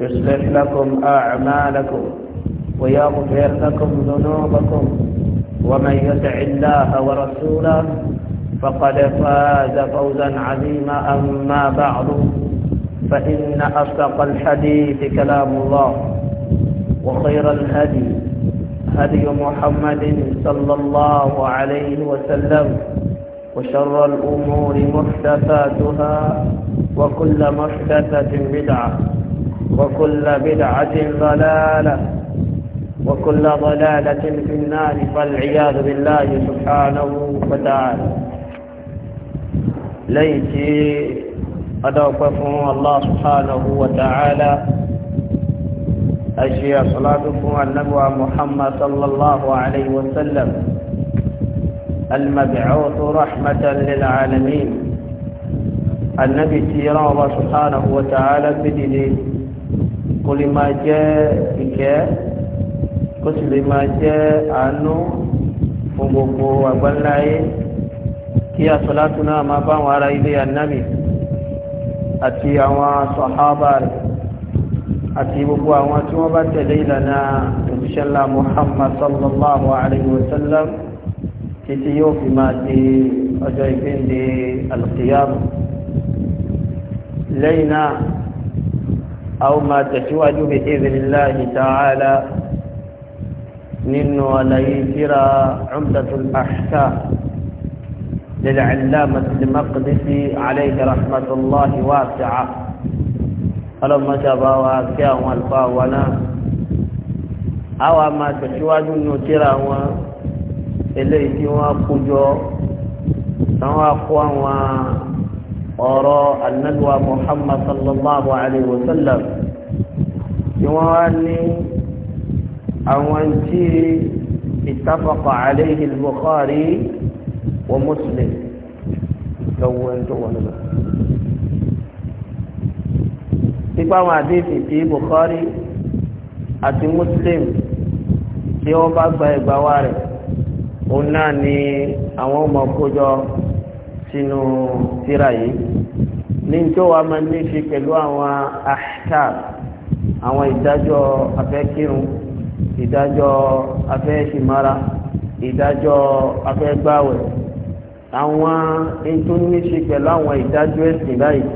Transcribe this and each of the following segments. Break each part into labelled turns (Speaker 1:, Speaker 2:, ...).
Speaker 1: يصلح لكم أعمالكم ويغفر لكم ذنوبكم ومن يدع الله ورسوله فقد فاز فوزا عظيما أما بعد فإن أصدق الحديث كلام الله وخير الهدي هدي محمد صلى الله عليه وسلم وشر الأمور محدثاتها وكل محدثة بدعة وكل بدعة ضلالة وكل ضلالة في النار فالعياذ بالله سبحانه وتعالى ليتي أدوكفهم الله سبحانه وتعالى أشياء صلاتكم النبوة محمد صلى الله عليه وسلم المبعوث رحمة للعالمين النبي سيران الله سبحانه وتعالى بدليل kó lè máa jẹ́ ìkẹ́ kó sì lè máa jẹ́ àánú fún gbogbo àgbáńláyé kí asọ́látù náà máa bá àwọn ará ilé ànábì àti àwọn sọ̀hábà rẹ̀ àti gbogbo àwọn tí wọ́n bá tẹ̀lé ìlànà òṣìṣẹ́lá Muhammad sallallahu alayhi wa sallam títí yóò fi máa di ọjọ́ ìpínde alqiyam lẹ́yìn náà أو ما تسواج بإذن الله تعالى ننو ليسرى عمدة الأحكام للعلامة المقدسي عليه رحمة الله واسعة فلما شبا واسعا والفاونا أو ما تسواج نترى إليه وقجو سواقوا ọ̀rọ̀ anagba muhammad sallallahu alayhi wa sallam tí wọ́n wá ní àwọn tí ittafaqa alayhi al-bukhari wa muslim lọ́wọ́ ẹni tó wọ́n lọ. nípa àwọn àdéhùn tí bukhari àti muslim tí wọ́n bá gba ẹgbàá wa rẹ̀ òun náà ni àwọn ọmọ kójọ. sínú síra yìí ní tó wa máa ní ṣe pẹ̀lú àwọn ahkam àwọn ìdájọ́ afẹ́kírun ìdájọ́ afẹ́ṣìmára ìdájọ́ afẹ́gbáwẹ̀ àwọn ní tó ní pẹ̀lú àwọn ìdájọ́ ẹ̀sìn báyìí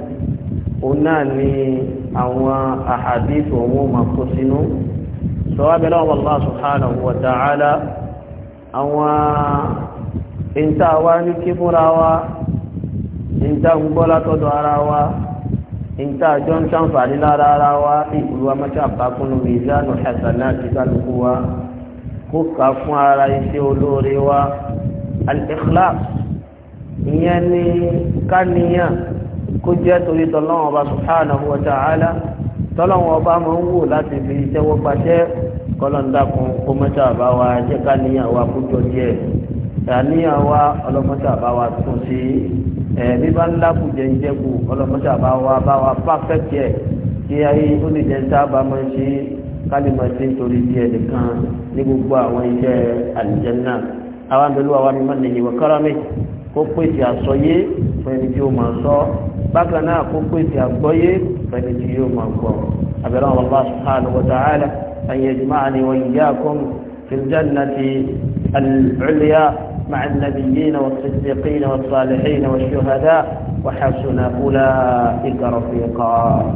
Speaker 1: ni àwọn ahadith òun máa kó sínú sọ́wọ́bẹ̀ lọ́wọ́ subhanahu wa ta'ala wa níta ń gbọ́ látọ̀dọ̀ ara wa níta àjọ ń sàǹfààní lára ara wa ìlú amáṣá àbákúnnú mizanu hasanat ti kálukú wa kó kà fún ara iṣẹ́ olóore wa al-ikhlas ìyẹn ni káníyàn kó jẹ́ torí tọ́lọ́wọ́n ọba subhanahu wa ta'ala tọ́lọ́wọ́n ọba máa ń wò láti fi tẹ́wọ́ pàṣẹ kọ́lọ́ńdàkùn kó mẹ́ta àbá wa jẹ́ káníyàn wa kó jọ díẹ̀ ìyàníyàn wa ọlọ́mọ́ta àbá wa tún sí i ẹ̀mí bá ńlá kù jẹ́ ìjẹ́kù ọlọ́mọṣà bá wa bá wa pàfẹ́kì ẹ̀ kí ayé ó lè jẹ́ sábà máa ń ṣe kálímọ̀ sí nítorí bí ẹnìkan ní gbogbo àwọn iṣẹ́ àlùjànnà àwọn abẹ́lú àwọn mímọ́ nìyí wọ káràmì kó pèsè àsọyé fún ẹni tí ó máa sọ bákan náà kó pèsè àgbọ́yé fún tí yóò máa gbọ́ abẹ́rẹ́ àwọn Allah subhanahu wa ta'ala an yajma'ani wa iyyakum fil jannati al مع النبيين والصديقين والصالحين والشهداء وحسن أولئك رفيقا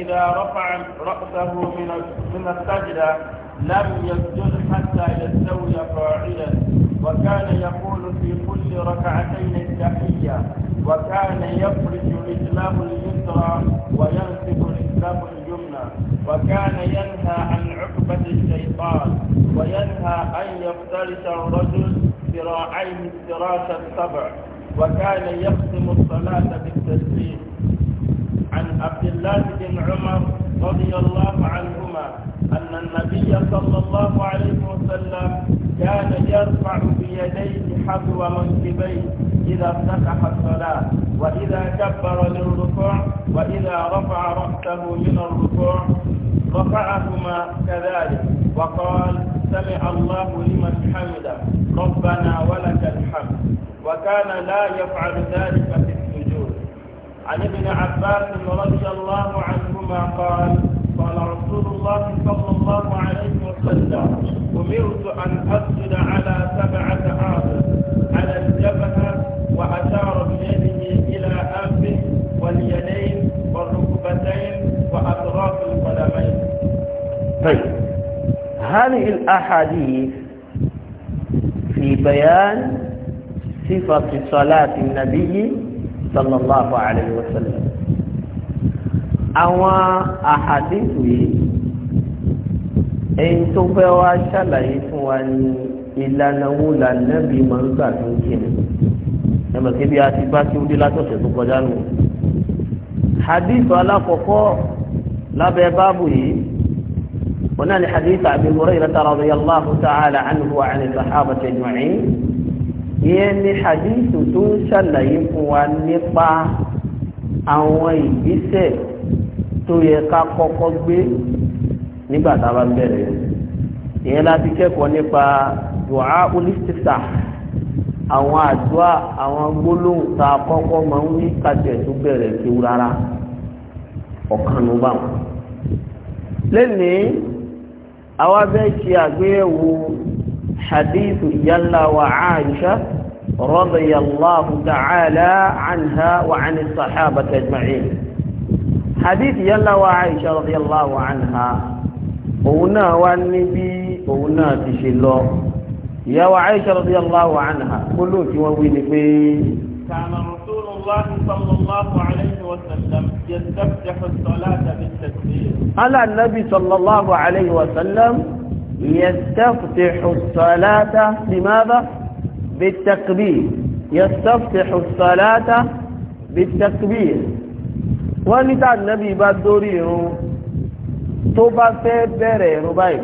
Speaker 1: إذا رفع رأسه من من السجدة لم يسجد حتى يستوي قاعدا وكان يقول في كل ركعتين التحية وكان يفرج الإسلام اليسرى وينصب الإسلام اليمنى وكان ينهى عن عقبة الشيطان وينهى أن يفترش الرجل ذراعيه افتراس السبع وكان يختم الصلاة بالتسليم
Speaker 2: عن عبد الله بن عمر رضي الله عنهما أن النبي
Speaker 1: صلى الله عليه وسلم كان يرفع بيديه حذو منكبيه إذا افتتح الصلاة وإذا كبر للركوع وإذا رفع رأسه من الركوع رفعهما كذلك
Speaker 2: وقال سمع الله لمن حمده ربنا ولك الحمد وكان لا يفعل ذلك في عن ابن عباس رضي الله عنهما قال قال رسول الله صلى الله عليه وسلم أمرت أن أسجد على سبعة أعظم على الجبهة وأشار بيده إلى أنفه واليدين
Speaker 1: والركبتين وأطراف القدمين. طيب هذه الأحاديث في بيان صفة صلاة النبي صلى الله عليه sallam àwọn àhàdìsù yìí èyí tó fẹ́ wá ṣàlàyé fún wa ní ìlànà wo lànà bí máa ń gbà tó ń kí ni ẹ̀mọ̀ kí bí a ti bá kí ó tó kọjá nù. hadith alákọ̀ọ́kọ́ lábẹ́ báàbù yìí wọn náà ní hadith Abi Hurayrah radiyallahu ta'ala anhu wa 'an as-sahabati ajma'in ìyẹn ni hadithu tó ń ṣàlàyé fún wa nípa àwọn ìgbésẹ̀ tó yẹ ká kọ́kọ́ gbé nígbà tá a bá bẹ̀rẹ̀ ìyẹn láti kẹ́kọ̀ọ́ nípa dùá olùsítà àwọn àdúrà àwọn gbólóhùn tá a kọ́kọ́ máa ń wí kájẹ̀ tó bẹ̀rẹ̀ kíw rárá ọ̀kan ló bá wọn. lẹ́nìí àwa bẹ́ẹ̀ ṣe àgbéyẹ̀wò hadithu ìyáńlá wa Aisha radiyallahu ta'ala anha wa ani sahaba tajma'in hadith ìyáńlá wa Aisha radiyallahu anha òun náà wá níbi òun náà ti ṣe lọ ìyá wa Aisha radiyallahu anha gbólóòtú wọn wí ni pé.
Speaker 2: كان رسول الله صلى الله عليه وسلم يستفتح الصلاة بالتكبير
Speaker 1: على النبي صلى الله عليه وسلم يستفتح الصلاة بماذا بالتكبير يستفتح الصلاة بالتكبير ولتا النبي بدوريه توبا في بره رباي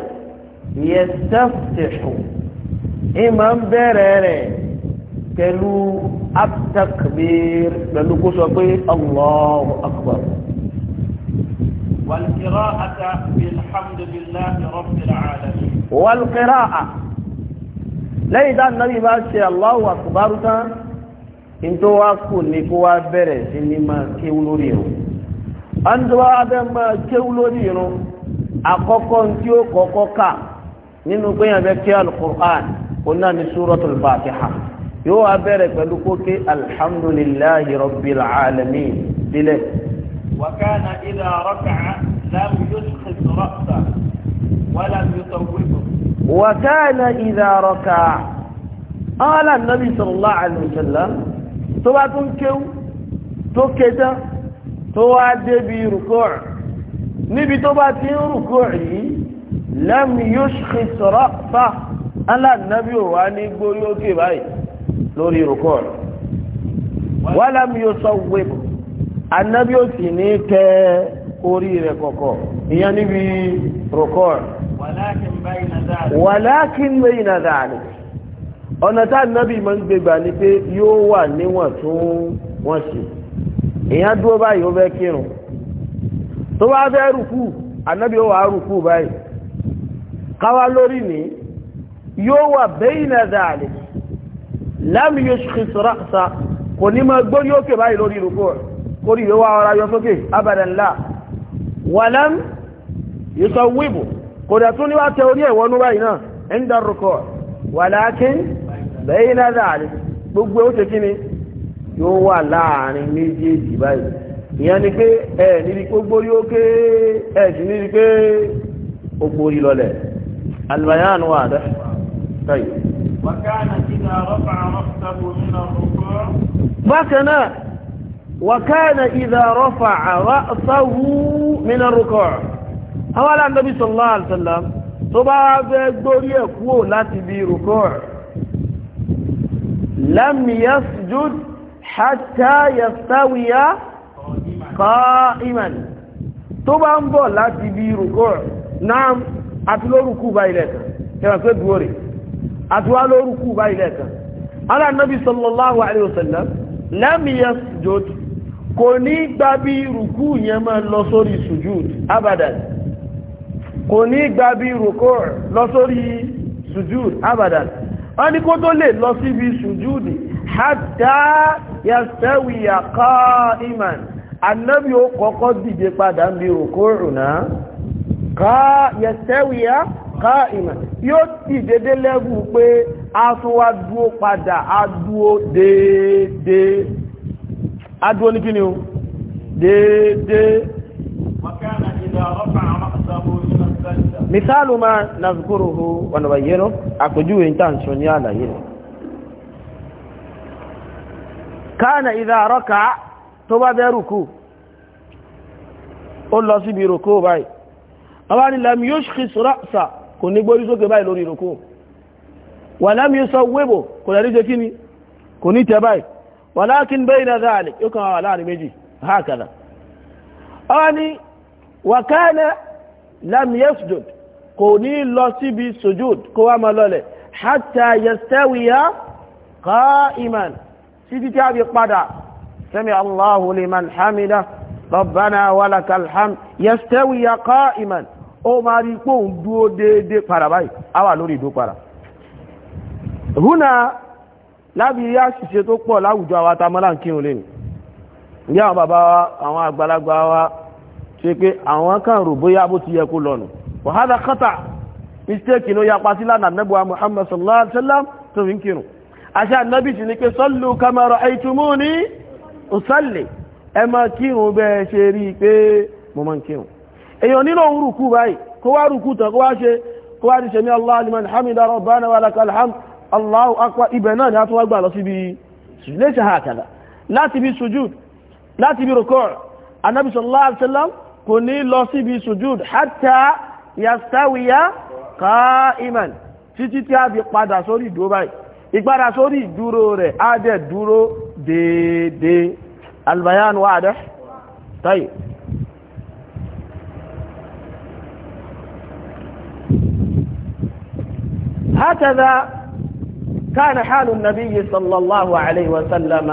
Speaker 1: يستفتح امام بيري pẹ̀lú التكبير pẹ̀lú kó الله أكبر
Speaker 2: والقراءة بالحمد لله رب العالمين
Speaker 1: والقراءة lẹ́yìn tá nàbí bá ṣe Allahu Akbar tán in tó wá kù ní kó wá bẹ̀rẹ̀ sí ní máa kéwú lórí irun a ń tó wá bẹ́ máa kéwú lórí irun àkọ́kọ́ tí ó kọ́kọ́ kà nínú gbéyàn bẹ́ kí al-Qur'an ó náà ní Suratul Fatiha yóò wá bẹ̀rẹ̀ pẹ̀lú kókè alhamdulillahi rabbil alamin dílẹ̀
Speaker 2: وكان إذا ركع لم يسقط رأسه ولم يطوفه
Speaker 1: وكان إذا ركع قال النبي صلى الله عليه وسلم تبا تنكو تكتا توعد بركوع نبي تبا ركوعي لم يشخص رأسه ألا النبي واني يقول يوكي باي لوري ركوع ولم يصوبه anábí ò sì ní tẹ orí rẹ̀ kọ̀kọ̀ ìyẹn níbi rọ̀kọ̀ wàlákin bayna dhalik ọ̀nà tá anábí máa ń gbégbà ni pé yóò wà níwọ̀n tún wọ́n sì ìyẹn dúró báyìí ó fẹ́ kírun tó bá fẹ́ rùkú anábí ó wà rùkú báyìí káwá lórí ni yóò wà bayna dhalik lam yushkhis ra'sa kò ní máa gbórí òkè báyìí lórí rùkú kórí yóò wá ọ̀rá yọ sókè abàdànlá wàlám yíso wíbù kò dẹ̀ tún níwá tẹ orí ẹ̀wọ̀nú báyìí náà ń dárúkọ wàlákín bẹ́yìn láàrin gbogbo ó ṣe kí ni yóò wà láàrin méjèèjì báyìí ìyẹn ni pé ẹ níbi gbogbo rí ókè ẹ وكان إذا رفع رأسه من الركوع هو النبي صلى الله عليه وسلم طبعا بدوري كو لا تبي ركوع لم يسجد حتى يستوي قائما طبعا بو لا تبي ركوع نعم اتلو ركوع بايلك كما كدوري اتوالو ركوع بايلك على النبي صلى الله عليه وسلم لم يسجد kò ní gba bí rùkú yẹn máa lọ sórí sùjúd abadan kò ní gba bí rùkú lọ sórí sùjúd abadan wọ́n ní kó tó lè lọ síbi sùjúd hatta yastawi qa'iman annabi ó kọ́kọ́ dìde padà ń bí rùkú náà ká yẹ̀tẹ́wìyà ká ìmọ̀ yóò ti dédé lẹ́gùn pé a tún wá dúó padà a dúó déédéé adúró ní kíni o déédéé misalu ma nazkuruhu wa nubayyinu àpèjúwe ń tàn sọ ní àlàyé rẹ̀ kana idha raka'a tó bá bẹ́ rùkú ó lọ síbi rùkú báyìí àwọn ni lam yushkhis ra'sa kò ní gbórí sókè báyìí lórí rùkú wa lam yusawwibu kò lẹ́rí jẹ́ kíni kò ní tẹ báyìí walakin bayna dhalik yóò kàn wà láàrin méjì hakadha ó ní wa kana lam yasjud kò ní lọ síbi sujud kó wá ma lọlẹ̀ hatta yastawiya qa'iman títí tí a bí padà sami allahu liman hamida rabbana walakal hamd yastawiya qa'iman ó ma rí pòun dúó déédé para báyìí a wà lórí ìdó para huna lábí àṣìṣe tó pọ̀ láwùjọ àwa tá a mọ́lá ń kírun lè ní ní àwọn bàbá wa àwọn àgbàlagbà wa ṣe pé àwọn kan rò bóyá bó ti yẹ kó lọ́nà wàhálà kọ́tà mistake ló yapa sí lánàá nẹ́bùwà Muhammad sallallahu alaihi wasallam tó fi ń kírun àṣẹ ànábì sì ni pé kamara kama ra'aytumuni usalli ẹ máa kírun bẹ́ẹ̀ ṣe rí i pé mo máa ń kírun èèyàn nílò òun rùkú báyìí kó wá rùkú tán kó wá ṣe kó wá ti ṣe ní Allah liman hamida rabbana wa lakal Allahu akwa ibẹ̀ náà ni a tún wá gbà lọ sí síbi lẹ́sẹ̀ hàkàdà láti bí sujúd láti bí rukọ́ anábìsọ̀ sallallahu kò ní lọ sí síbi sujúd hatta yastawiya qa'iman títí tí a bí padà sórí ìdúró báyìí ìpadà sórí ìdúró rẹ̀ á dẹ̀ dúró déédéé albayan هكذا كان حال النبي صلى الله عليه وسلم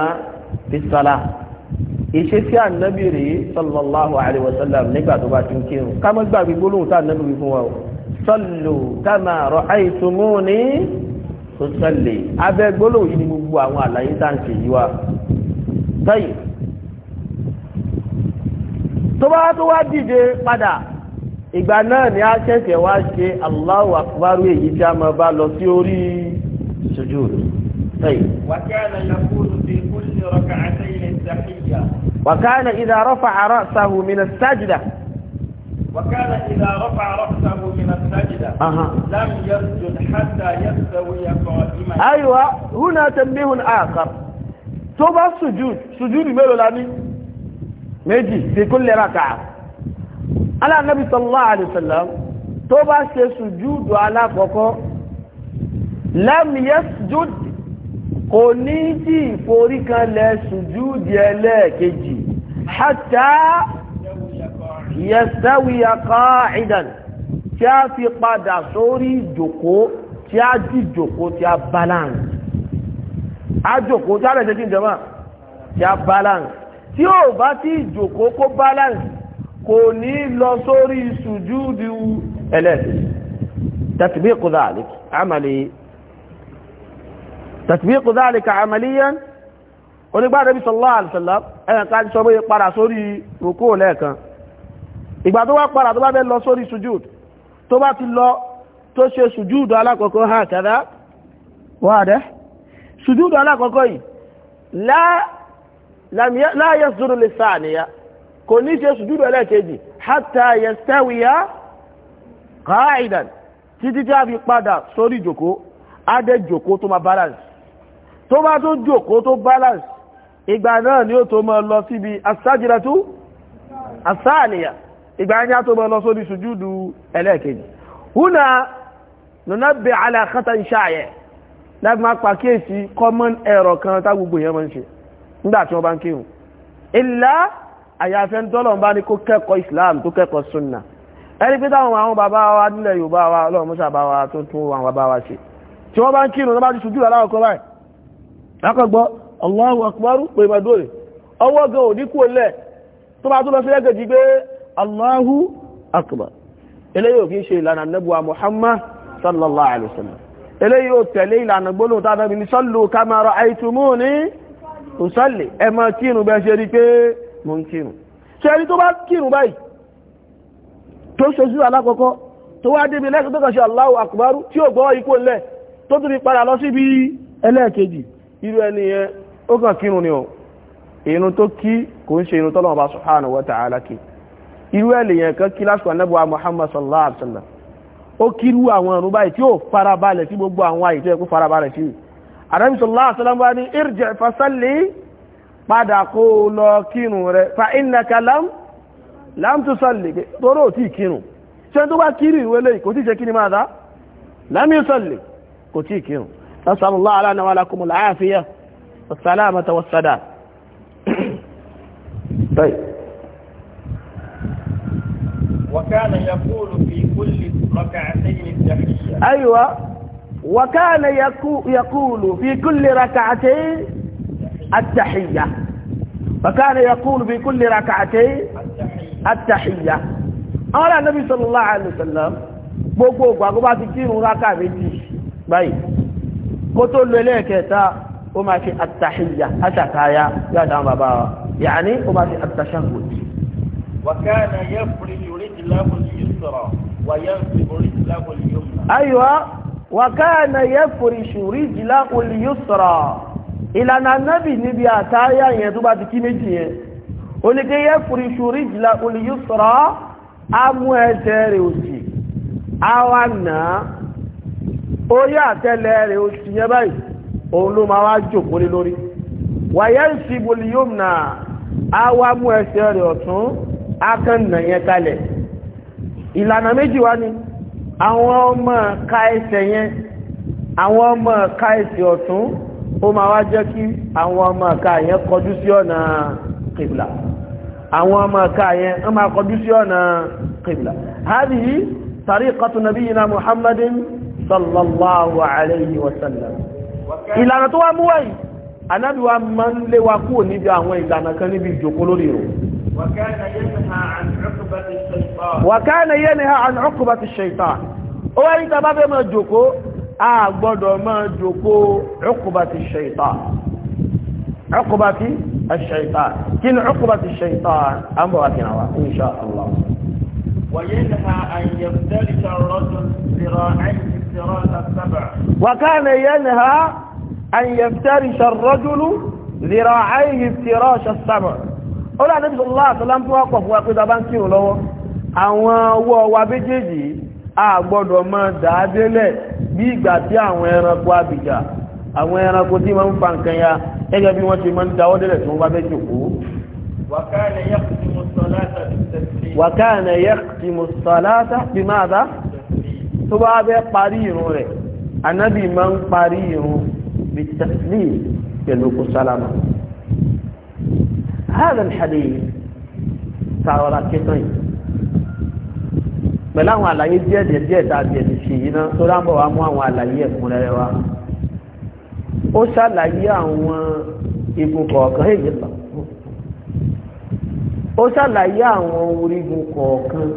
Speaker 1: في الصلاة ìṣesí ànábì rèé sallallahu alayhi wa sallam nígbà tó bá ti ń kírun ká mọ́ gbàgbé gbólóhùn tá ànábì wí fún wa o sallu kama ra'aytumuni usalli abẹ́ gbólóhùn yìí ni gbogbo àwọn àlàyé táǹkì yìí wa tẹ́yì tó bá tó wá dìde padà ìgbà náà ni a ṣẹ̀ṣẹ̀ wá ṣe Allahu akbar èyí tí a máa bá lọ sí sujud طيب وكان يقول في كل ركعتين التحية وكان إذا رفع رأسه من السجدة وكان إذا رفع رأسه من السجدة أه. لم يسجد حتى يستوي قائما أيوة هنا تنبيه آخر تبع السجود سجود ماله لامي في كل ركعة. على النبي صلى الله عليه وسلم bá ṣe على alákọ̀ọ́kọ́ lam yasjud kò ní tí ìforíkanlẹ̀ sùjúdì ẹlẹ́ẹ̀kejì hatta yastawiya qa'idan tí a fi padà sórí ìjòkó tí a dìjòkó tí a balance a jòkó tí a lè ṣe kí n jẹ́ máa tí a balance tí ó bá tí ìjòkó kó balance kò ní lọ sórí sùjúdì ẹlẹ́ẹ̀kejì tàbí kò dáa lè kí a máa lè tàtìbíkù dáàlìkà àmàlíyàn onígbàdà bí sallallahu alaihi wasallam ẹ̀yàn ká sọ bóyẹ padà sórí rùkú lẹ́ẹ̀kan ìgbà tó wá padà tó bá bẹ́ lọ sórí sujúd tó bá ti lọ tó ṣe sujúd alákọ̀ọ́kọ́ ha kẹ́dá wáadẹ́ sujúd alákọ̀ọ́kọ́ yìí la yasduru lisaniya kò ní ṣe sujúd ẹlẹ́kejì hatta yastawiya qa'idan títí tí a fi padà sórí jòkó adẹ́ jòkó tó ma balance tó bá tó jókòó tó balance ìgbà náà ni ó tó mọ́ lọ síbi asájìlátú asáàlìyà ìgbà ní á tó mọ́ lọ sórí sùjúdù ẹlẹ́ẹ̀kejì húnà nùnábẹ̀ aláàkátà ìṣàyẹ̀ láti máa pàkíyèsí common error kan tá gbogbo èèyàn máa ń ṣe nígbà tí wọ́n bá ń kéhùn ilá àyàfẹ́ tọ́lọ̀ bá ní kó kẹ́kọ̀ọ́ Islam tó kẹ́kọ̀ọ́ sunna ẹni pé táwọn àwọn bàbá wa nílẹ̀ Yorùbá wa ọlọ́run mọ́sàbá wa tó tún àwọn bàbá lákọ̀gbọ́ Allahu akbar pé ma dóòrè ọwọ́ gan òní kú lẹ̀ tó bá tó lọ sí lẹ́gẹ̀ẹ́jì pé Allahu akbar eléyìí ò kí ń ṣe ìlànà nẹ́bùwa Muhammad sallallahu alaihi wasallam eléyìí ò tẹ̀lé ìlànà gbólóhùn tá nàbí ní sallu kama ra'aytumuni usalli ẹ máa kírun bẹ́ẹ̀ ṣe rí pé mo ń kírun ṣe rí tó tó ṣojú alákọ̀ọ́kọ́ tó wá débi ẹlẹ́ẹ̀kejì irú ẹni yẹn ó kàn kírun ni o irun tó kí kò ń ṣe irun tọ́lọ́wọ́ bá subhanahu wa ta'ala kí irú ẹni yẹn kan kí lásìkò anábọ̀ Muhammad sallallahu alaihi wa sallam ó kírú àwọn ọ̀run báyìí tí ó farabalẹ̀ sí gbogbo àwọn àyè tó yẹ kó farabalẹ̀ sí anábì sallallahu alaihi wa sallam bá ní irji' fasalli padà kó o lọ kírun rẹ fa innaka lam lam tusalli torí ò tí kírun ṣé tó bá kírun ìwé lẹ́yìn kò tí ṣe kí ni máa dá lam yusalli kò tí kírun نسأل الله لنا ولكم العافية والسلامة والسلام طيب وكان يقول في كل ركعتين التحية أيوة وكان يقول في كل ركعتين التحية وكان يقول في كل ركعتين التحية قال النبي صلى الله عليه وسلم بوكو بوكو بوكو بوكو بوكو بوكو بوكو méjì ب kó tó lo ẹlẹ́ẹ̀kẹta ó máa ṣe àtàṣíyà aṣàkáyà yóò dáhùn bàbá wa yàní ó máa ṣe àtàṣàhùd. wàkàna yẹ fúri yorí ìlàbù yìí sọ̀rọ̀ wà yẹ fúri ìlàbù yìí mọ̀. ayiwa sọ̀rọ̀ ìlànà anábì níbi àtàyà yẹn tó bá ti kí méjì yẹn oníke yẹ fúri yorí ìlàbù yìí sọ̀rọ̀ á mú ẹsẹ̀ orí àtẹ́lẹ̀ rẹ̀ oṣù yẹn báyìí òun ló máa wá jókòó lé lórí wàyẹ́ ìṣìbòlì yóò nà á wá ẹsẹ̀ rẹ̀ ọ̀tún akànnà yẹn kalẹ̀ ìlànà méjì wá ní àwọn ọmọ ẹsẹ̀ yẹn àwọn ọmọ ka ẹsẹ̀ ọ̀tún ó máa wá jẹ́ kí àwọn ọmọ ká yẹn kọjú sí ọ̀nà kìbìlà àwọn ọmọ yẹn máa kọjú sí ọ̀nà kìbìlà sallallahu alayhi wa sallam ìlànà tó wá mú wáyìí anábì wa máa ń lé wa kúrò níbi àwọn ìlànà kan níbi ìjòkó lórí rò wa kana yanha an uqubati shaitan ó wá ní tàbá fẹ́ máa jòkó a gbọ́dọ̀ máa jòkó uqubati shaitan uqubati kí ni uqubati shaitan an bọ̀ wá kí náà Allah wa yanha an yabtali وكان ينهى أن يفترش الرجل ذراعيه افتراش السبع ó láti Ànábì sallallahu alaihi wasallam tó wá pọ̀ fún wa pé dábá ń kírun lọ́wọ́ àwọn ọwọ́ wa méjèèjì a gbọ́dọ̀ máa dáadélẹ̀ bí ìgbà tí àwọn ẹranko abìjà àwọn ẹranko tí wọ́n ń fa nǹkan ya gẹ́gẹ́ bí wọ́n ti máa ń dáwọ́ délẹ̀ tí wọ́n bá fẹ́ jòkó wa kana yaqtimu salata bimadha tó bá fẹ́ parí irun rẹ̀ anábì máa ń parí irun bìtàlì pẹ̀lú kó sálámà هذا الحديث تعالى كتير pẹ̀lú àwọn àlàyé díẹ̀ díẹ̀ díẹ̀ tàbí ẹ̀sì ṣe yìí náà tó dáńbọ̀ wá mú àwọn àlàyé ẹ̀kúnrẹ́rẹ́ wá ó ṣàlàyé àwọn igun kọ̀ọ̀kan èyí lọ ó ṣàlàyé àwọn orígun kọ̀ọ̀kan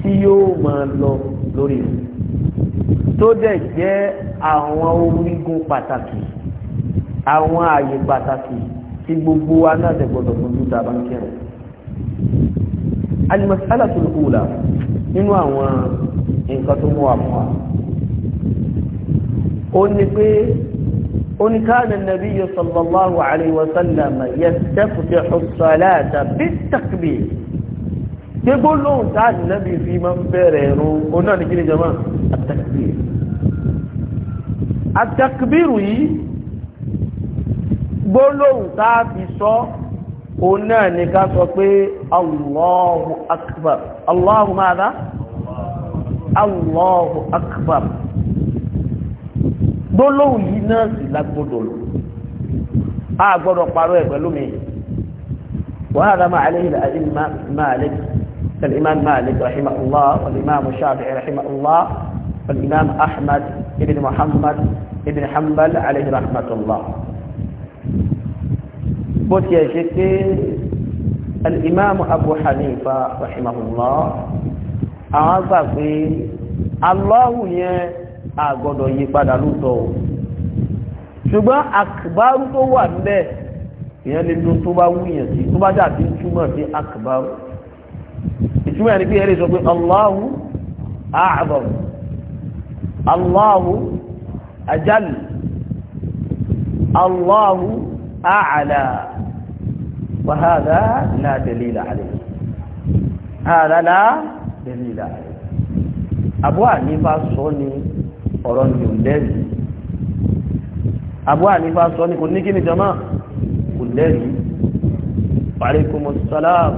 Speaker 1: tí yóò máa lọ lórí rẹ̀ tó dẹ̀ jẹ́ àwọn orígun pàtàkì àwọn ààyè pàtàkì tí gbogbo wa náà tẹ̀ gbọdọ̀ fojú ta bá ń kẹrẹ̀ al-mas'alatul nínú àwọn nǹkan tó mú wa wa ó ní pé قل كان النبي صلى الله عليه وسلم يستفتح الصلاة بالتكبير gbégbó lóhùn tá ànábì fi máa ń bẹ̀rẹ̀ ẹ̀rùn oná ní kíni jama àtàkìbìrì àtàkìbìrì yìí gbólóhùn tá a fi sọ òun náà ni ká sọ pé Allahu akbar Allahu maada Allahu akbar gbólóhùn yìí náà sì lágbódò lò a gbọ́dọ̀ parọ́ ẹ̀ pẹ̀lú mi wàhálà máa lẹ́yìn àdínní máa lẹ́yìn. كالإمام مالك رحمه الله والإمام الشافعي رحمه الله والإمام أحمد بن محمد بن حنبل عليه رحمة الله بوت يشكي الإمام أبو حنيفة رحمه الله أعطى الله يه أقول يبادى لوتو ṣùgbọ́n àkàbárú tó wà níbẹ̀ ìyẹn lè dùn tó bá wúyàn sí ìtumọ̀ ẹni pé ẹ̀rí sọ pé Allahu a'zam Allahu ajal Allahu a'la wa hadha la dalila alayhi hadha la dalila alayhi Abu Hanifa sọ ni ọ̀rọ̀ ni ò lẹ́rìí Abu Hanifa sọ ni kò ní kí ni jama kò lẹ́rìí wa alaikumus salam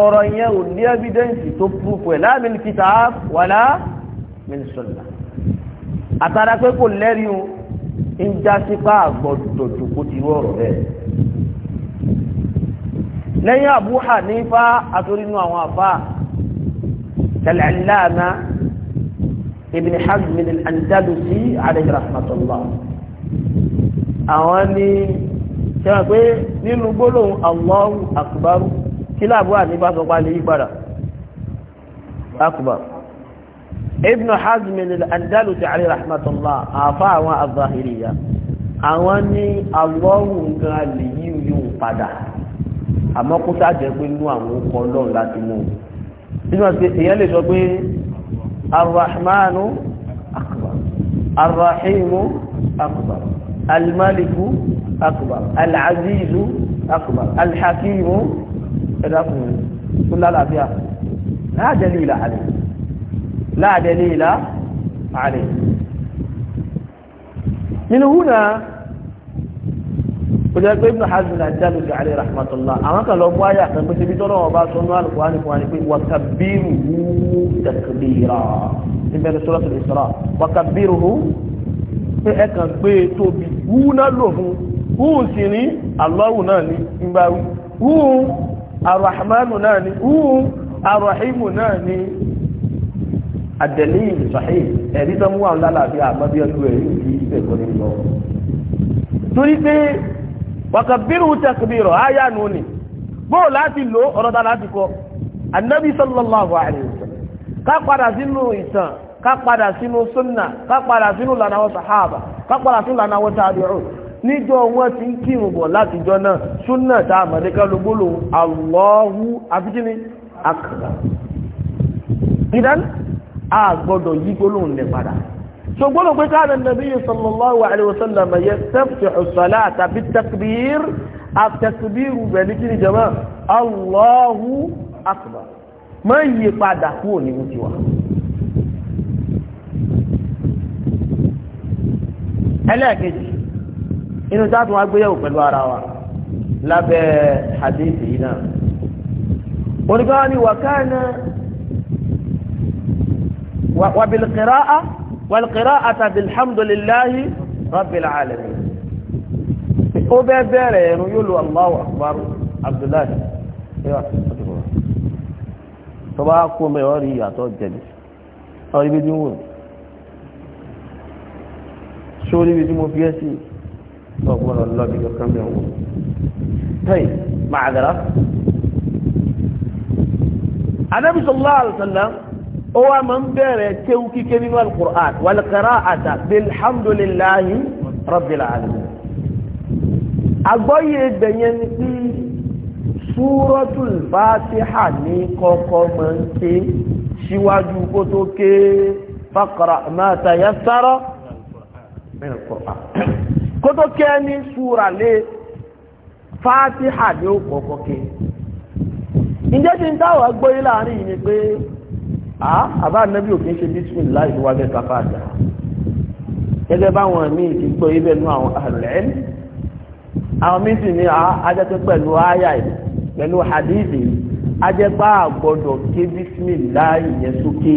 Speaker 1: ọ̀rọ̀ yẹn ò ní evidence tó proof ẹ̀ la min kitab wala min sunnah àtàrà pé kò lẹ́rìí o ń já sí pa àgbọ̀dọ̀ jòkó ti rú ọ̀rọ̀ rẹ̀ lẹ́yìn Abu Hanifa àtòrínú àwọn àfà al-Allama Ibn Hazm al-Andalusi alayhi rahmatullah àwọn ní sẹ́wọ̀n pé nínú gbólóhùn Allahu akubaru kí láàbù àníbá sọ pa lè yí padà akubaru Ibn Hazm al-Andalusi alayhi rahmatullah àfa àwọn az-Zahiriyya àwọn ní Allahu nǹkan lè yí yóò padà àmọ́ kó sáà pé inú àwọn ọkọ̀ ọlọ́run láti mú un nínú àti èèyàn lè sọ pé arrahmanu akbar arrahimu akbar alimaliku akbar alazizu akbar alhakimu ẹ̀dàkùnrin tó lálàáfíà láàdẹ́lì ìlà àlè láàdẹ́lì ìlà àlè nínú húnà kò jẹ́ pé ibùn hajjú náà jẹ́ lókè àlè rahmatullah àwọn kan lọ mú àyà kan pé síbi tọ́rọ ọba tó ní alùkùnrin fún wa ní pé wàkàbírù takbira níbẹ̀rẹ̀ suratul Isra wàkàbírù pé ẹkàn gbé e tóbi wú náà lò fún wúhùn sì ní Allahu náà ní ìgbàwí wúhùn arahmanu náà ní wúhùn arahimu náà ní àdẹ̀lẹ́yìn ìsọ̀hí ẹ̀rí tó mú àwọn lálàáfíà àbábí ọdún ẹ̀rí ìdí ìbẹ̀kọ́ ní lọ torí pé wàkàbírù tẹkbírọ̀ áyà nù ní bóò láti lò ọ̀rọ̀ láti kọ annabi sallallahu alaihi wasallam ká padà sínú ìtàn ká padà sínú súnà ká padà sínú lànà àwọn sàhábà ká padà sínú lànà àwọn tàbíùn níjọ wọn ti ń kírun bọ̀ látijọ́ náà súnà tá a mọ̀dékà ló gbólóhùn Allahu àfikíní akbar ìdán a gbọ́dọ̀ yí gbólóhùn lè padà ṣogbóló pé káàdà nàbí sallallahu alaihi wasallam yastaftihu salata bitakbir àtẹ̀kùbírù rẹ̀ ní kíni jama Allahu akbar má yí padà kúrò ní wútiwa ẹlẹ́ẹ̀kejì inú táàtún wá gbéyàwó pẹ̀lú ara wa lábẹ́ hadithi yìí náà onígbàwá ni wàkánà wàbìlìkìráà wàlìkìráà tàbí alhamdulillahi rabbil alamin ó bẹ́ bẹ̀rẹ̀ ẹ̀rùn yóò lo Allahu akbar abdullahi tó bá kó mẹ́ ọ̀rí ìyàtọ̀ jẹ̀bi ọ̀rí bí dín sórí ibi tí mo fi ẹ́ sí ọgbọ́dọ̀ lọ́bi kankan mi ọ̀hún. tẹ́yì máa dára. anabi sallallahu alaihi wasallam ó wá máa ń bẹ̀rẹ̀ kéwú kíké nínú alukur'an wàlùkàrà àtà bilhamdulilayi rabbil alamin. àgbọ́yé gbẹ̀yẹn ni pé súrọ́tùl fàtíhà ní kọ́kọ́ máa ń ké síwájú kó tó ké faqra ma tayassara min al-Qur'an kótó kẹ́ni súra lé fatiha ní ó kọ́kọ́ ké ǹjẹ́ ti ń táwọn agbóyé láàrin yìí ni pé a àbá nẹ́bí òfin ṣe bismillah ìlú wájú káfá àjà gẹ́gẹ́ báwọn míì ti gbọ́ ibẹ̀ nú àwọn àlẹ́ àwọn míì sì ní ajẹ́pẹ́ pẹ̀lú àyà yìí pẹ̀lú hadithi ajẹ́pá àgbọ̀dọ̀ ké bismillah ìyẹn sókè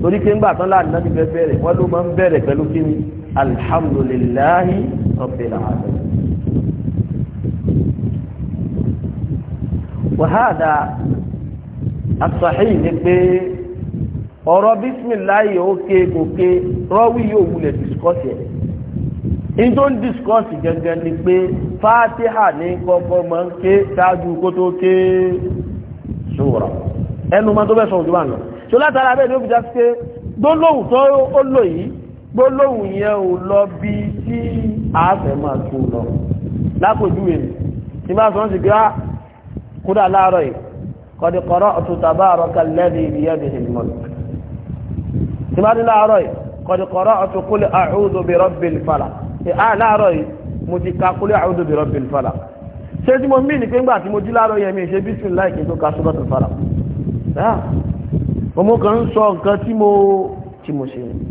Speaker 1: torí pé ńgbà tán láàrin náà ti fẹ́ bẹ̀rẹ̀ wọ́n ló máa ń bẹ̀rẹ̀ pẹ̀lú kíni alhamdulillahi rabbil alamin wàhádà asàhí ni pé ọ̀rọ̀ bísmìláì òkè gòkè rọ́wí yóò wulẹ̀ discourse ẹ̀ in tó ń discourse gẹ́gẹ́ ni pé fatiha ní kọ́kọ́ máa ń ké ṣáájú kó tó ké ṣòro ẹnu máa tó bẹ́ sọ òjò bá ń lọ ṣó látara bẹ́ẹ̀ ni ó fi já sí pé gbólóhùn tó ó lò yìí gbólóhùn yẹn ò lọ bí tí àáfẹ́ máa tún lọ lápòjúwe tí máa sọ ń sì gbá ah, kúrò aláàárọ̀ yìí kọ̀dí kọ̀rọ̀ ọ̀tún tàbá àrọ́kà lẹ́dí ìdíyẹ́ bí hìlmọ́lù tí máa ní láàárọ̀ yìí kọ̀dí kọ̀rọ̀ ọ̀tún kúlẹ̀ àrùdù bí rọ́bì fàlà tí a láàárọ̀ yìí mo ti ka kúlẹ̀ àrùdù bí rọ́bì fàlà ṣé tí mo mí ní pé ńgbà tí mo jí láàárọ̀ yẹn mi ṣe bí láì kí n tó ka sọ́dọ̀tún fàlà ọmọ kan sọ nǹkan tí mo tí mo ṣe ni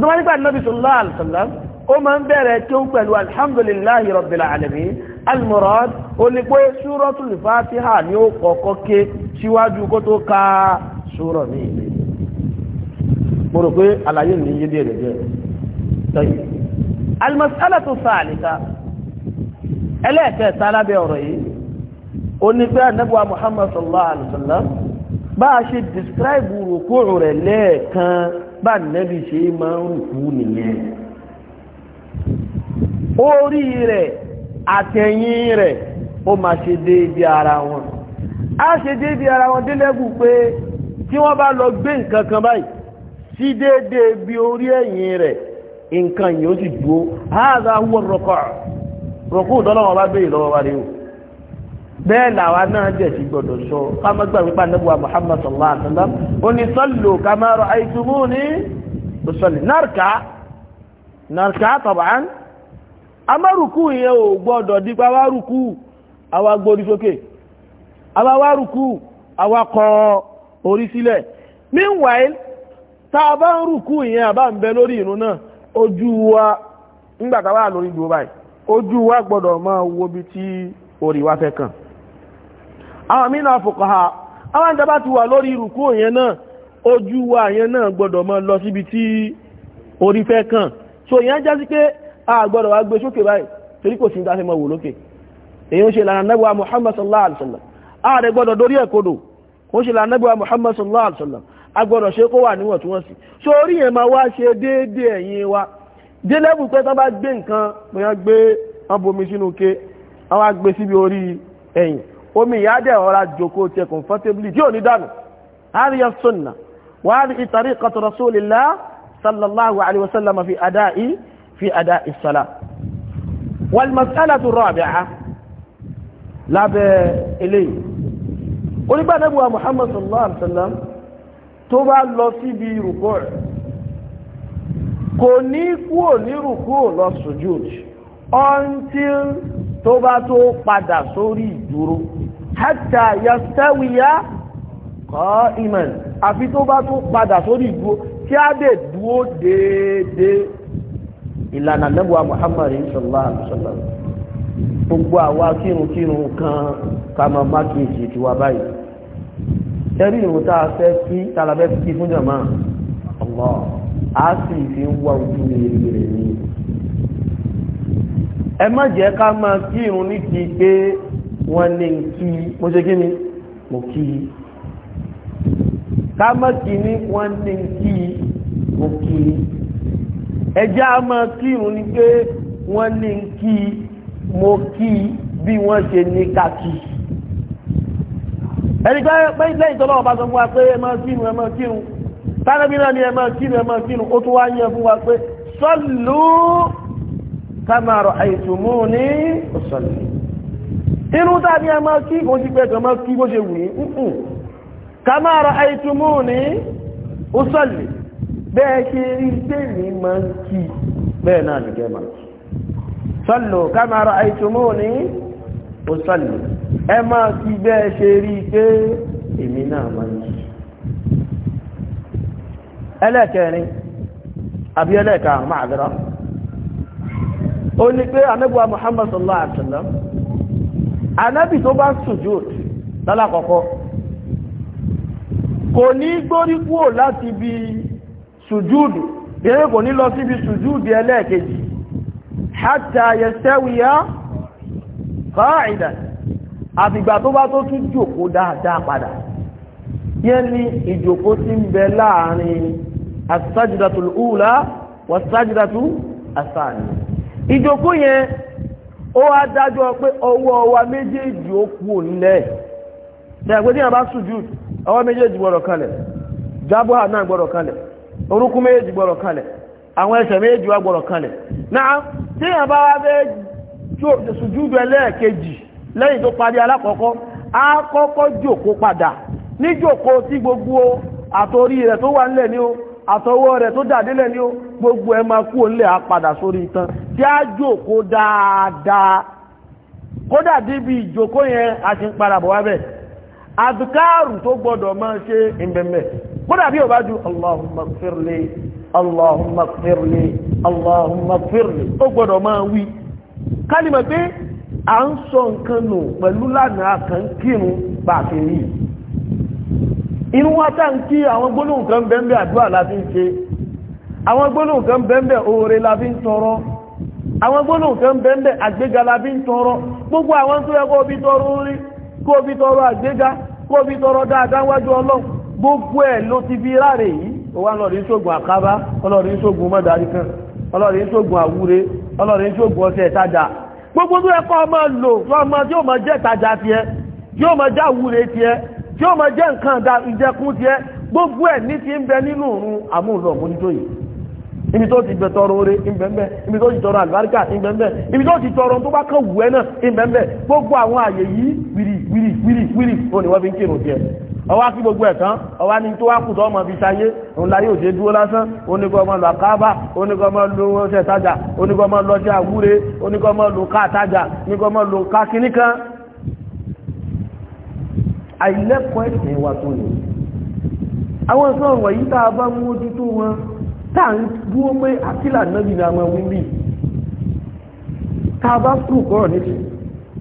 Speaker 1: tó wá nígbà nàbí sallallahu alaihi wasallam ó máa ń bẹ̀rẹ̀ tí ó pẹ̀lú alhamdulillahi rabbil alamin almurad ó ní pé suratul fatiha ni ó kọ́kọ́ ké síwájú kó tó ka sura ní ilé mo rò pé àlàyé mi yé dé rẹ̀ jẹ́ tẹ́yìn bá a ṣe describe rùkúrù rẹ̀ lẹ́ẹ̀kan bá nẹ́bí ṣe máa ń rùkú nìyẹn orí rẹ̀ àtẹ̀yìn rẹ̀ ó máa ṣe déédé ara wọn a ṣe déédé ara wọn délẹ́gù pé tí wọ́n bá lọ gbé nǹkan kan báyìí sí déédé bí orí ẹ̀yìn rẹ̀ nǹkan yìí ó sì dúó háàzá wọ́n rọ̀kọ̀ rọ̀kú ìdọ́lọ́wọ́ bá bèèrè lọ́wọ́ wá rí o bẹ́ẹ̀ làwa náà jẹ́ gbọdọ̀ sọ kámọ́gbà Muhammad sallallahu alaihi wa sallam ó ní sọ́lù kamara àìsùnmù ní òsọ̀lì nàrkà nàrkà tọ̀bán amárùkù yẹn o gbọdọ̀ dípa wárùkù àwa gbórí sókè àwa kọ orí sílẹ̀ meanwhile a bá ń rùkù yẹn àbá ń bẹ lórí ìrun náà ojú wa nígbà tá lórí ìdúró báyìí ojú wa gbọdọ̀ máa wo wa fẹ́ kàn. àwọn mínà fòkàá àwọn ìjọba ti wà lórí ìrùkú òyìn náà ojú wa yẹn náà gbọ́dọ̀ mọ́ lọ síbi tí orí fẹ́ kàn so yẹn já sí pé a gbọ́dọ̀ wá gbé sókè báyìí torí kò sí ìdáfẹ́ wò lókè èyí ń Muhammad sallallahu alaihi wasallam a rẹ̀ gbọ́dọ̀ dórí ẹ̀kodò ó ṣe Muhammad sallallahu alaihi wasallam a gbọ́dọ̀ ṣe kó wà so orí yẹn máa wá ṣe déédéé ẹ̀yìn wa délẹ́bù pé tán bá gbé nǹkan bóyá gbé orí ẹ̀yìn omi ìyá dẹ̀ ọ̀rá jòkó tẹ comfortably tí ò ní dànù àríyá sunna wà á rí ìtàrí kàtà rasulillah sallallahu alaihi wasallam fi ada'i fi ada'i sala wal mas'alatu rabi'a lábẹ́ eléyìí tó bá lọ síbi rùkú kò ní kúò ní rùkú tó bá tó padà sórí ìdúró hátà yastawiya qa'iman àfi tó bá tún padà sórí ìdúró tí a de dúró déédéé ìlànà lẹ́bùwà Muhammad sallallahu alaihi wasallam gbogbo àwa kírunkírun kan ká máa má kí èsì ìtiwà báyìí tẹ́rí ìrùn tàà fẹ́ kí tàlàbẹ́ kí fún jàmá ọ̀lọ́ a sì fi ń wá ojú rere rẹ̀ ní ẹ má jẹ́ ká máa kírun ní ti pé wọ́n ní kí mo ṣe kí ni mo kí i kámọ́kì ní wọ́n ní kí i mo kí i ẹjẹ́ a máa kírun ni pé wọ́n ní kí i mo kí i bí wọ́n ṣe ní kàkí ẹni pé lẹ́yìn tó lọ́wọ́ bá sọ fún wa pé ẹ máa kírun ẹ máa kírun tánàbí náà ni ẹ máa kírun ẹ máa kírun ó tún wá yẹ fún wa pé sọ́lù kama ra'aytumuni usalli irú tàbí a máa kí kò sí pé máa kí bó ṣe wù ní ǹkùn ká máa ra àìtùmú ní ó sọ̀lẹ̀ bẹ́ẹ̀ ṣe rí pé ní máa kí bẹ́ẹ̀ náà nìkẹ́ máa kí sọ́lọ̀ ká máa ra àìtùmú ní ó sọ̀lẹ̀ ẹ máa kí bẹ́ẹ̀ ṣe rí pé èmi náà máa kí àbí anábì tó bá sùjúd lálàkọ́kọ́ kò ní gbórí kúrò láti bí sùjúdù eré kò ní lọ síbi sùjúdù ẹlẹ́ẹ̀kejì hatta yastawiya qa'idan àfìgbà tó bá tó tún jòkó dáadáa padà yẹn ni ìjòkó ti ń bẹ láàrin as-sajdatu al-ula was ìjòkó yẹn ó wá dájọ́ pé ọwọ́ meje méjèèjì ó kú ònílẹ̀ ẹ̀gbẹ́ tí wọ́n bá sùjú ọwọ́ méjèèjì gbọ́dọ̀ kalẹ̀ jábọ́hà náà gbọ́dọ̀ kalẹ̀ orúnkún méjèèjì gbọ́dọ̀ kalẹ̀ àwọn ẹsẹ̀ méjèèjì wá gbọ́dọ̀ kalẹ̀ náà tí wọ́n bá wá fẹ́ sùjú ẹlẹ́ẹ̀kejì lẹ́yìn tó parí alákọ̀ọ́kọ́ á kọ́kọ́ padà ni àtọwọ́ rẹ̀ tó dàdílẹ̀ ní ó gbogbo ẹ máa kú olè àpadà sórí ìtàn tí a jòkó dáadáa kódà débi ìjòkó yẹn a ti ń padà bọ̀ wábẹ̀ àdùkárù tó gbọdọ̀ máa ṣe ìbẹ̀mẹ̀ kódà bí ò bá ju allahumma firli allahumma firli allahumma gbọdọ̀ máa wí kálímọ̀ pé à ń sọ nǹkan nù pẹ̀lú lánàá kan kírun bàtẹ́rì yìí inú wa tá ń kí àwọn gbólóhùn kan bẹ́ẹ̀bẹ́ àdúrà la fi ń ṣe àwọn gbólóhùn kan bẹ́ẹ̀bẹ́ oore la fi ń tọrọ àwọn gbogbo àwọn tó yẹ kó bí tọrọ orí kó bí tọrọ àgbéga kó bí tọrọ dáadáa wájú ọlọ́run gbogbo ẹ̀ ló ti fi ráre yìí ó wá lọ́ọ̀rí àkábá ọlọ́ọ̀rí sógun tí ó máa jẹ́ nǹkan da ìjẹkùn tiẹ̀ gbogbo ẹ̀ ní ti ń bẹ nínú òun àmúlò mójútó yìí ibi tó ti bẹ tọrọ oore ìbẹ̀m̀bẹ̀ ibi tó ti tọrọ àlùbáríkà ìbẹ̀m̀bẹ̀ ibi tó ti tọrọ tó bá kàn wù ẹ́ náà ìbẹ̀m̀bẹ̀ gbogbo àwọn àyè yìí wìrì wìrì wìrì wìrì ó ní wọ́n fi ń kírun tiẹ̀ ọwọ́ kí gbogbo ẹ̀ tán ọwọ́ ní tó wá kù tó ọmọ fi ṣayé òun láyé òṣè dúró lásán oníkọ́ ọmọ lọ àkábà oníkọ́ ọmọ lọ ọṣẹ tájà oníkọ́ ọmọ lọ ṣe àwúre oníkọ́ ọmọ lọ ká tájà oníkọ́ ọmọ lọ ká kíníkan àìlẹ́kọ̀ọ́ ẹ̀sìn wa tó ní àwọn sọ̀rọ̀ wọ̀nyí tá a bá mójútó wọn tá à ń dúró pé àkílà nábì ni àwọn ẹ̀wọ̀n wí tá a bá kúrò kọ́rọ̀ níbi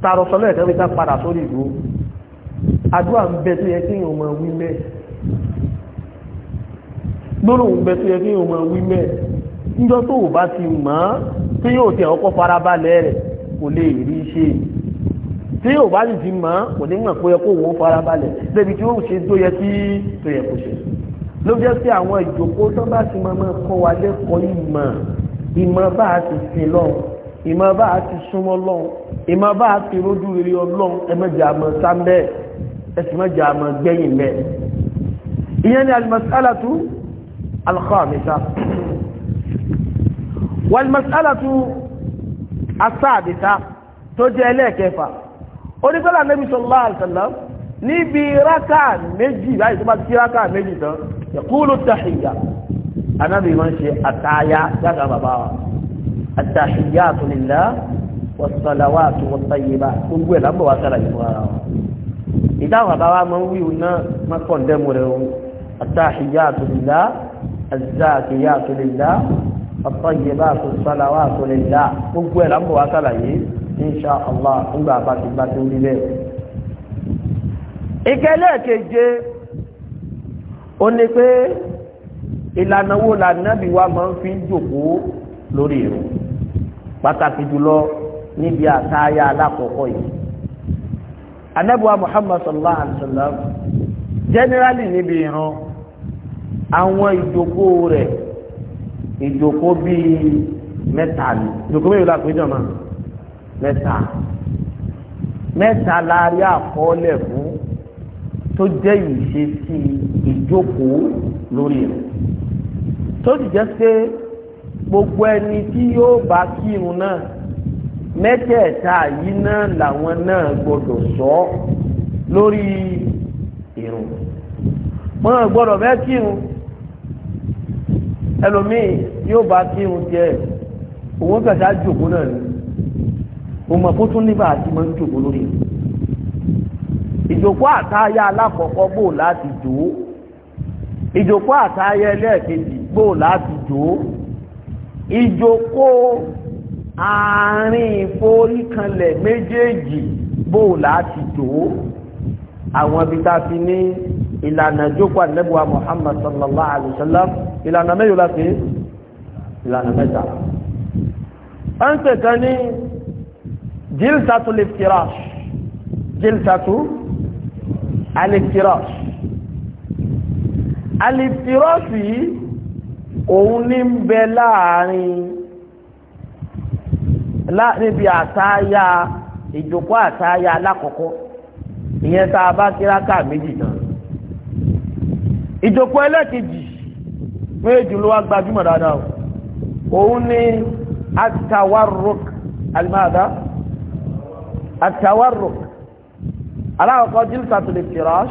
Speaker 1: tá a rọ sọlọ́ ẹ̀kẹ́ wíta padà sórí ìlú àdúrà ń bẹ tó yẹ kí èèyàn máa wí mẹ́ gbólóhùn bẹ tó yẹ kí èèyàn máa wí mẹ́ níjọ́ tó ò bá ti mọ̀ ọ́ tí yóò tẹ̀ ọkọ̀ farabalẹ̀ rẹ̀ kò lè rí ṣe tí yóò bá nìdí mọ́ kò ní mọ̀ pé kó wọ́n fara balẹ̀ débi tí ó ṣe tó yẹ kí tó yẹ kó ṣe ló jẹ́ sí àwọn ìjòkó tó bá ti mọ̀ mọ́ kọ́ wa lẹ́kọ̀ọ́ ìmọ̀ ìmọ̀ bá a ti sin lọ ìmọ̀ bá a ti súnmọ́ lọ ìmọ̀ bá a ti rójú rere ọlọ́run ẹ̀mẹ́jẹ̀ àmọ́ sáńbẹ́ ẹ̀sìmẹ́jẹ̀ àmọ́ gbẹ̀yìn bẹ́ẹ̀ ìyẹn ni alimasalatu alkhamisa walimasalatu asaadisa tó jẹ́ ẹlẹ́ẹ̀kẹfà onígbọ́lá nẹ́bí sallallahu alaihi wasallam níbi rákà méjì láì tó bá ti rákà méjì tán yaqulu tahiyya anábì wọn ṣe àtàyà yàtọ̀ bàbá wa at-tahiyyatu lillah was-salawatu wat-tayyibatu gbogbo ẹ̀ lábọ̀ wá sára yìí fúnra wa ìdáhùn bàbá wa máa ń wíwù náà má kàn dẹ́mu rẹ̀ o at-tahiyyatu lillah az-zakiyatu lillah at-tayyibatu gbogbo ẹ̀ lábọ̀ wá sára yìí insha allah nígbà bá ti bá ti ń bí bẹ́ẹ̀. ìkẹlẹ́ keje ó ní pé ìlànà wo lànàbí wa máa ń fi jókòó lórí ìrun pàtàkì jùlọ níbi àtàyà alákọ̀ọ́kọ́ yìí anabuwa muhammad sallallahu alaihi wasallam generally níbi ìran àwọn ìjókòó rẹ̀ ìjókòó bíi mẹ́ta ni ìjókòó mẹ́rin lápẹjọ náà mẹ́ta mẹ́ta láàrí àkọọ́lẹ̀ fún tó jẹ́ ìṣesí ìjókòó lórí rẹ̀ tó sì jẹ́ pé gbogbo ẹni tí yóò bá kírun náà mẹ́tẹ̀ẹ̀ta yìí náà làwọn náà gbọ́dọ̀ sọ lórí irun wọ́n gbọ́dọ̀ bẹ́ẹ̀ kírun ẹlòmíì yóò bá kírun jẹ òun kẹta jòkó náà ni òmò kó tún nígbà tí mo ń jòkó lórí rẹ̀ ìjòkó àtayá alákọ̀ọ́kọ́ bò láti jò ó ìjòkó àtayá ẹlẹ́ẹ̀kejì bò láti jò ó ìjòkó àárín ìforíkanlẹ̀ méjèèjì bò láti jò ó àwọn ibi tá a fi ní ìlànà ìjókòó àdínẹ́bùwà Muhammad sallallahu alayhi wa sallam ìlànà mẹ́yọ̀ láti ìlànà mẹ́ta. ọ̀npẹ̀ kan ní jilsatu liftirash jilsatu aliftirash aliftirash yìí òun ní ń bẹ láàrin níbi àtàyà ìjòkó àtàyà alákọ̀ọ́kọ́ ìyẹn tá a bá kíráká méjì náà ìjòkó ẹlẹ́kejì méjì ló wá gbajúmọ̀ dáadáa òun ní atawarruk alimáadáa àtàwárò aláwọ̀kọ́ jílùsàtò lè fìràṣ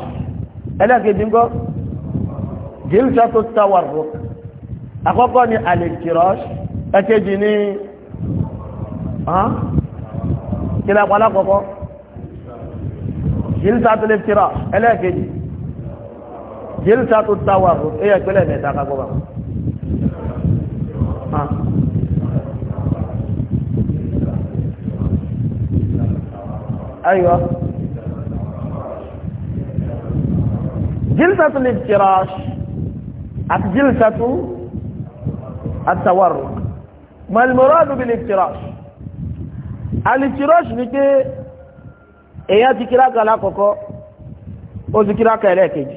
Speaker 1: ẹlẹ́gẹ̀ẹ́jì ń gọ́ jílùsàtò tàwárò àkọ́kọ́ ni alè fìràṣ ẹkẹ́jì ní kílápọ̀ alákọ̀ọ́kọ́ jílùsàtò lè fìràṣ ẹlẹ́gẹ̀ẹ́jì jílùsàtò tàwárò ẹyẹ pẹ́lẹ̀ mẹ́ta kakọ́ أيوة جلسة الافتراش جلسة التورق ما المراد بالافتراش الافتراش نكي إيا ذكراك alákọ̀ọ́kọ́ ó ذكراك ẹlẹ́ẹ̀kejì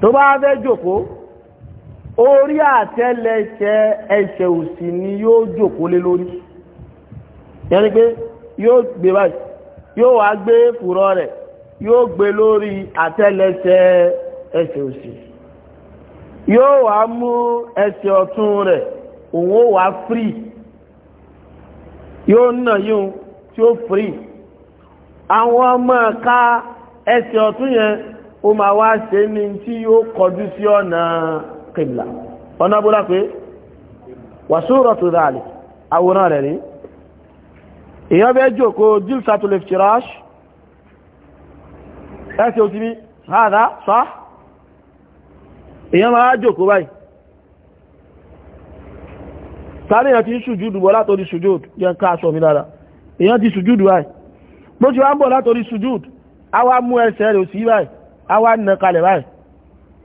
Speaker 1: tó bá fẹ́ jókòó orí àtẹ́lẹsẹ̀ ẹsẹ̀ òsì ni yóò jókòó lé lórí yẹni pé yóò gbé báyìí yóò wá gbé fùrọ̀ rẹ̀ yóò gbé lórí àtẹ́lẹsẹ̀ ẹsẹ̀ òsì yóò wá mú ẹsẹ̀ ọ̀tún rẹ̀ òun ó wá fírì yóò nà yóò tí ó fírì àwọn ọmọ ká ẹsẹ̀ ọ̀tún yẹn ó máa wá ṣe ní tí yóò kọjú sí ọ̀nà kìbìlà ọ̀nà búra pé wàsúrọ̀ tó dáa lè àwòrán rẹ̀ rí. èyàn bẹ́ jòkó jílsàtò lè fìtìráṣ ẹ́sẹ̀ ò ti ní àádá sá èyàn máa jòkó báyìí sáré èyàn ti ń sùjúdù bọ́ látorí sùjúdù yẹn ká aṣọ mi dára èyàn ti sùjúdù báyìí bó ti wá ń bọ̀ látorí sùjúdù a wá mú ẹsẹ̀ rẹ̀ sí báyìí a wá nà kalẹ̀ báyìí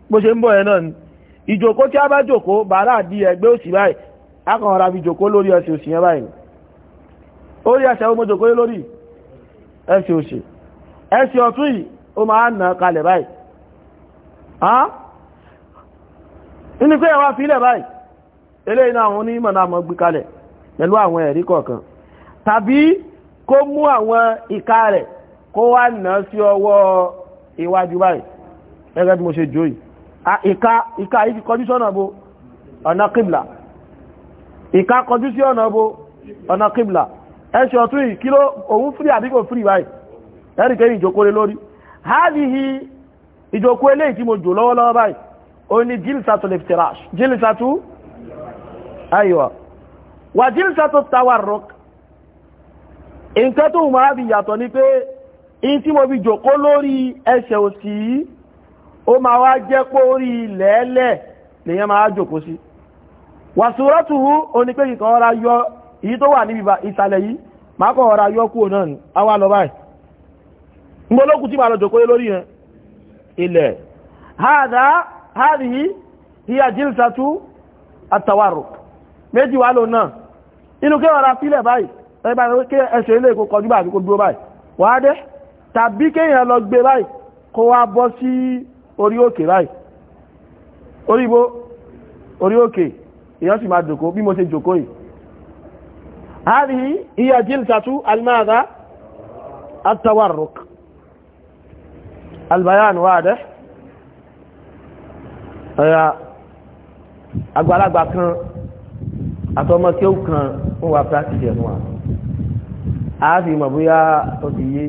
Speaker 1: bó ṣe báyìí orí ẹsẹ̀ ọmọ jòkó lórí ẹsẹ̀ òṣè ẹsẹ̀ ọ̀tún yìí ó máa nà kalẹ̀ báyìí inú pé ẹwà fílẹ̀ báyìí eléyìí náà àwọn onímọ̀ náà mọ̀ gbí kalẹ̀ pẹ̀lú àwọn ẹ̀rí kọ̀ọ̀kan tàbí kó mú àwọn bo ọ̀nà kíblà ìka kọjú sí ọ̀nà bo ọ̀nà kíblà ẹṣọ́ tún kí ló òun fírí àbí kò fírí báyìí ẹ̀rìkẹ́ ìjókòó lórí hádìí ìjókòó eléyìí tí mo jò lọ́wọ́lọ́wọ́ báyìí ó ní jílìsàtò lè fìtìráṣ jílìsàtò aywa wà jílìsàtò tawarruk nǹkan tó máa fi yàtọ̀ ni pé in tí mo fi jókòó lórí ẹsẹ̀ òsì ó máa wá jẹ́ pó orí lẹ́ẹ̀lẹ̀ lèyàn máa rá yọ èyí tó wà níbi ìsàlẹ̀ yìí máa kọ̀ ọ̀rọ̀ ayọ́kú náà ni a wá lọ báyìí ngbọ́lókù tí máa lọ jòkó lórí yẹn ilẹ̀ hadhihi hiya jilsatu at-tawarruk méjì wà lò náà inú kí ọ̀rọ̀ sílẹ̀ báyìí ẹsẹ̀ ilé kò kọjú báyìí kò dúró báyìí wà á dé tàbí kéèyàn lọ gbé báyìí kó wá bọ́ sí yìí هذه هي جلسة الماذا التورق البيان واضح ẹ̀yà àgbàlagbà kan àtọmọ tí ó kan ń wà practice ẹ̀fún wa a fi mọ̀ bóyá ó ti yé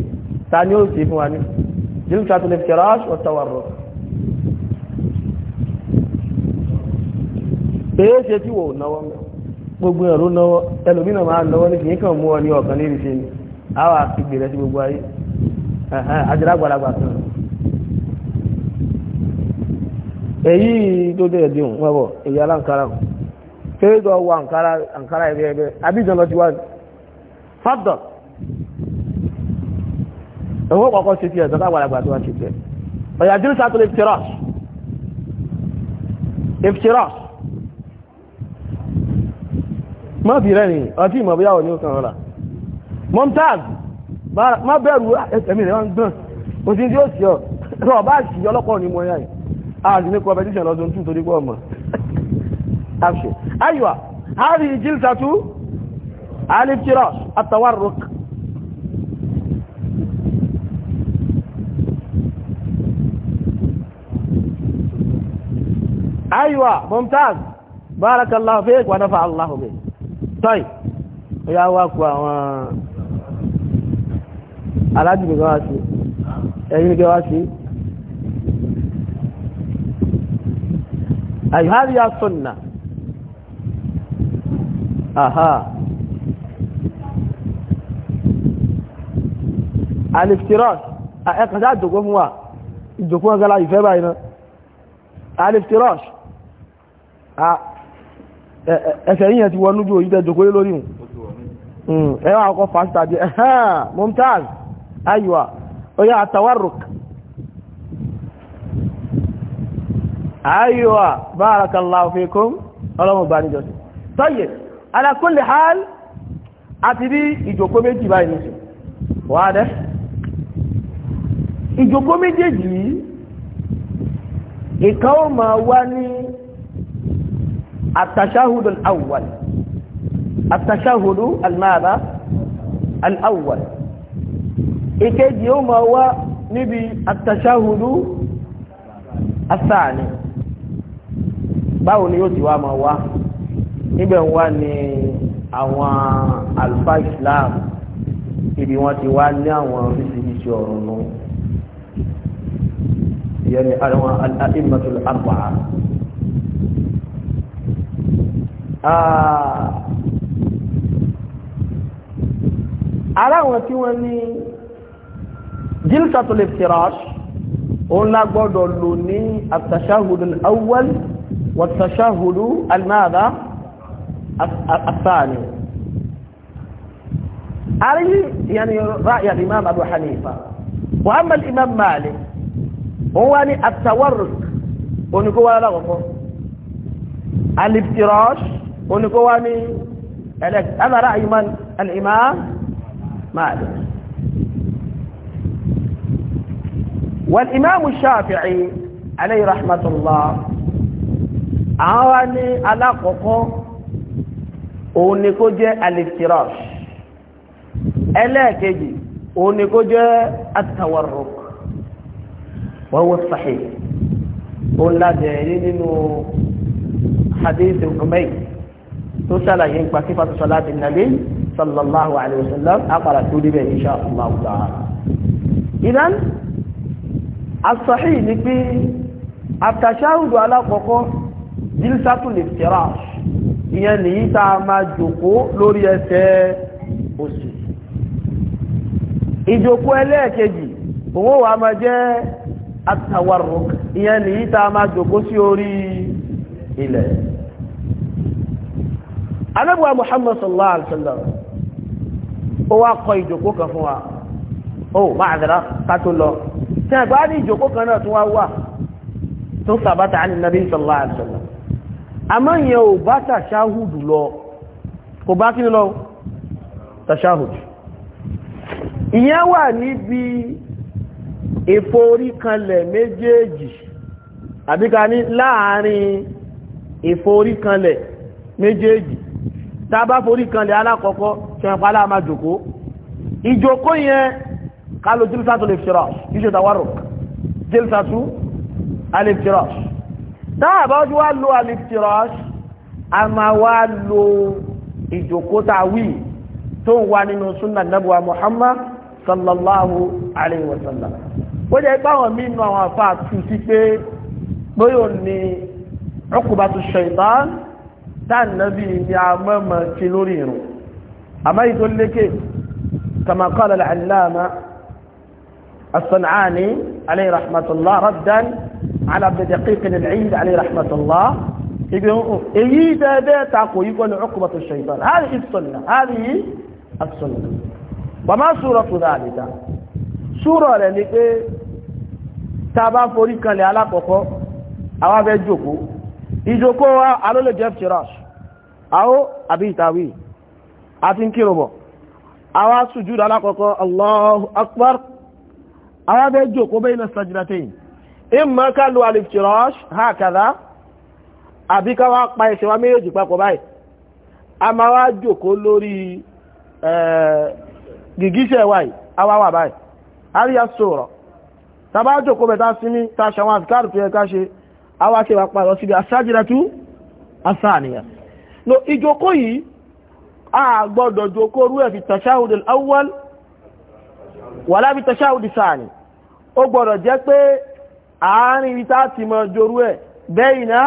Speaker 1: ta ni ó sì fún wa ní jílùsà tó lè fi ṣẹ̀rọ aṣọ tọwọ̀rọ̀ èé ṣe tí wò náwọ́ mẹ́ gbogbo ẹ̀rọ lọ́wọ́ ẹlòmínà máa lọ́wọ́ ní kìí kàn mú ọ ní ọ̀kan ní ìrìṣẹ́ ni a wà ìgbè sí gbogbo ayé àjẹ́rà kan èyí tó dé ẹ̀dín wọ́n bọ̀ èyí aláǹkárá kéèdọ̀ wọ àǹkárá ẹ̀rẹ́ ẹ̀rẹ́ abidjan lọ ti wá fàdọ̀ ẹ̀wọ́ kọ̀ọ̀kan ṣe ti ẹ̀sán gbàlagbà tó wá ṣe tẹ̀ ọ̀yà lè má fi rẹ́rìn ọtí ìmọ̀ bóyáwó ní ọkàn rà Mumtaz má bẹ̀rù ẹ̀mí rẹ̀ wọ́n gbọ́n kò sí tí ó sì ọ rọ̀ bá sì ọlọ́pọ̀ ní mọ̀ yáì àti ní competition lọ́dún tún torí pọ̀ mọ̀ àṣẹ aywa هذه جلسة الافتراش التورك أيوة ممتاز بارك الله فيك ونفع الله بك tọ́ì ó yá wá kú àwọn alájùmí kan wá sí ẹ̀yìn kí wá sí àyíhárí ya sọ́nà àhá aliftiros ẹ̀kànṣá ìjòkó fún wa ìjòkó ọgọ́lá ìfẹ́ báyìí náà aliftiros ẹsẹ̀ yíyàn ti wọnú ju òyí tẹ́ jòkó lórí hùn ẹwà àkọ́ fásità bí ẹ̀hán mumtaz aywa ó yá àtàwárùk aywa barakallahu fikum ọlọ́mọba níjọsí tọ́yẹ̀ ala kulli hal àti ìjòkó méjì báyìí nìsí wà dẹ́ ìjòkó méjèèjì ìkan ó máa wá ní التشهد الأول التشهد الماذا الأول إكيد يوم هو نبي التشهد الثاني báwo ni yóò ti wá máa wá níbẹ̀ wá ní àwọn alfa islam ibi wọn ti wá ní àwọn oríṣiríṣi ọ̀rọ̀ nù ìyẹn ni àwọn al-a'immatul arba'a aláwọn tí wọ́n ní jilsatul iftirash òun la gbọ́dọ̀ lò ní at-tashahhud al-awwal wa at-tashahhud al-madha al-thani عليه يعني رأي الإمام أبو حنيفة وأما الإمام مالك هو التورك ونقول لغفر الافتراش ونقواني أنا رأي من الإمام مالك والإمام الشافعي عليه رحمة الله أعواني على قوقه ونكوجة الافتراش ألا كجي ونكوجة التورق وهو الصحيح قل لا جاهلين حديث القميس tó ṣàlàyé nípa sífàtú sọláàtì nàbí sallallahu alayhi wa sallam àpàrà tó débẹ̀ insha Allah ta'ala. ìdán asọ̀hí ni pé àtàṣáhùdù alákọ̀ọ́kọ́ jílsátù lè tẹ́ra ìyẹn nìyí tá a máa jòkó lórí ẹsẹ̀ òsì ìjòkó ẹlẹ́ẹ̀kejì owó wa máa jẹ́ àtàwárùk ìyẹn nìyí tá a máa jòkó sí orí ilẹ̀ anábùwà muhammad sallallahu alaihi wasallam ó wá kọ ìjòkó kan fún wa ó ma'adara ká tó lọ tí a gbá ní ìjòkó kan náà tó wá wà tó sàbátà ní nàbí sallallahu alaihi wasallam àmọ́ ìyẹn ò bá tàṣáhùdù lọ kò bá kí lọ tàṣáhùdù ìyẹn wà níbi ìforíkanlẹ̀ méjèèjì àbíká ní láàárín ìforíkanlẹ̀ méjèèjì tá a bá forí kanlẹ̀ alákọ̀ọ́kọ́ ṣẹ̀ǹpá láàmà jòkó ìjòkó yẹn kálò jílsàtò lè fìrọ̀ ìṣẹ́ tàwárò jílsàtò alìfìrọ̀ táà bá ojú wá lo alìfìrọ̀ a máa wá lo ìjòkó tàwí tó ń wá nínú súnà nàbùwà Muhammad sallallahu alayhi wa sallam ó jẹ́ pàwọn mínú àwọn àfáà tù sí pé bóyọ̀ ni uqubatu shaytan tánàbí ni a mọ́mọ̀ kí lórí irun àmá ìtò lékè kama qala al-allama as-san'ani alayhi rahmatullah raddan ala Abd Daqiq al-Eid alayhi rahmatullah ibi èyí dẹ́ẹ̀dẹ́ takò yíkọ́ ní uqbatu shaytan hadhihi as-sunnah hadhihi as-sunnah wa ma suratu dhalika alákọ̀ọ́kọ́ àwọn abẹ́ jòkó ìjòkó wa alólè jẹ́ fìtíraṣ àwọ́ àbí ìtàwí àti ń kírùbọ̀ àwa sùjúdù alákọ̀ọ́kọ́ Allahu Akbar àwa bẹ́ jòkó bayna sajdatayn imma ká lo al-iftirash hakadha àbí ká wá pa ẹsẹ̀ wa méjèèjì papọ̀ báyìí a máa wá jòkó lórí gìgísẹ̀ wáyìí àwa wà báyìí àríyá sọ̀rọ̀ tàbá jòkó bẹ̀ta sí ní tàṣàwọn àfikàrù tó yẹ ká ṣe àwa ṣe wà pàrọ̀ síbi asájìdá tú no ìjókòó yìí a gbọ́dọ̀ jókòó rú ẹ̀ fi tashahud al-awwal wala fi tashahud al-thani ó gbọ́dọ̀ jẹ́ pé àárín ibi tá ti mọ jorú ẹ̀ bayna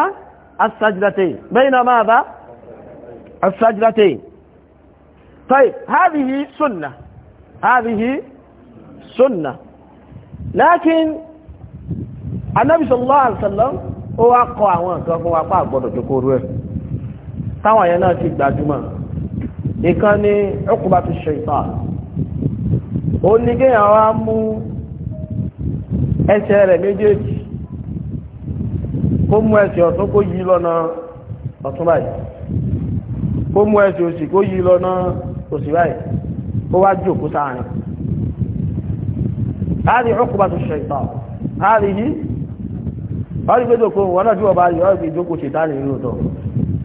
Speaker 1: as-sajdatayn bayna madha as-sajdatayn طيب هذه سنة هذه سنة لكن النبي صلى الله عليه وسلم هو أقوى وأقوى أقوى أقوى أقوى táwọn yẹn náà ti gbajúmọ̀ ìkan ní uqbatu shaytan ó ní kéèyàn wá mú ẹsẹ̀ rẹ̀ méjèèjì kó mú ẹsẹ̀ ọ̀tún kó yí lọ́nà ọ̀tún báyìí kó mú ẹsẹ̀ òsì kó yí lọ́nà òsì báyìí kó wá jókòó sáàrin láti uqbatu láti yí wọ́n wọn náà wọ́n bá yọ ọ́ nínú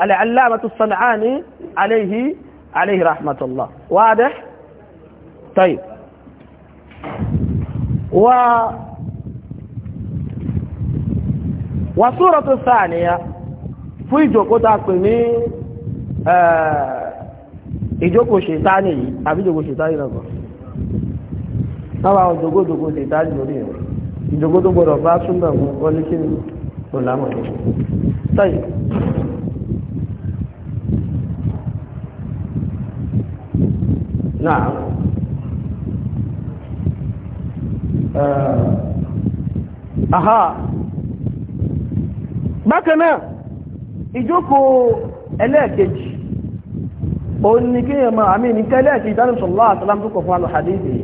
Speaker 1: العلامة الصنعاني عليه عليه رحمة الله واضح طيب و وصورة الثانية في جوكو تاكمي ìjókòó ṣètáni yìí àbí ìjókòó ṣètáni náà kan náà àwọn ìjókòó ṣètáni lórí rẹ̀ ìjókòó tó gbọdọ̀ bá túnbẹ̀ wọn lé kí ni kò lámọ̀ náà eh, aha bákan náà ìjókòó ẹlẹ́ẹ̀kejì òun ni kí ẹmọ àmì ní kẹ́lẹ́ẹ̀kì ìdánù sọ̀lá àtàlám tó kọ̀ fún alùhàdìsì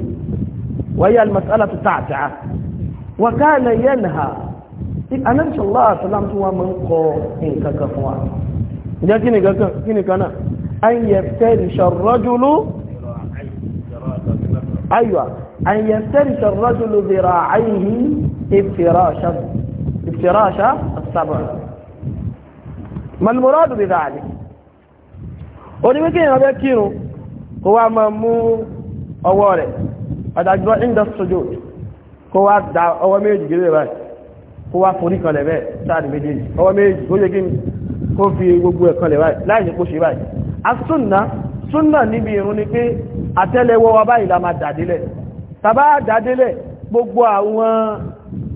Speaker 1: wáyé alìmọ̀sálà tó tààtà wà káàlẹ̀ yẹn ha anábì sọ̀lá àtàlám tó wà máa ń kọ nǹkan kan fún wa ǹjẹ́ kí ni kan náà an yẹ fẹ́ ìṣọ̀rọ̀júlú أيوة أن يفترش الرجل ذراعيه افتراشا افتراش السبع ما المراد بذلك orí wíkí ìrìn ọbẹ̀ kírun kó wá máa mú ọwọ́ rẹ̀ ọ̀dàjúwọ́ industry kó wá dá ọwọ́ méjì gẹ́rẹ́ rẹ̀ kó wá forí kan lẹ̀bẹ̀ sáàdì méjèèjì ọwọ́ méjì ó yẹ kí kó fi gbogbo ẹ̀kan lẹ̀ láìsí kó ṣe báyìí súnà níbi ìrún ni pé àtẹ́lẹwọ́ wa báyìí la máa dàdélẹ̀ tàbá dàdélẹ̀ gbogbo àwọn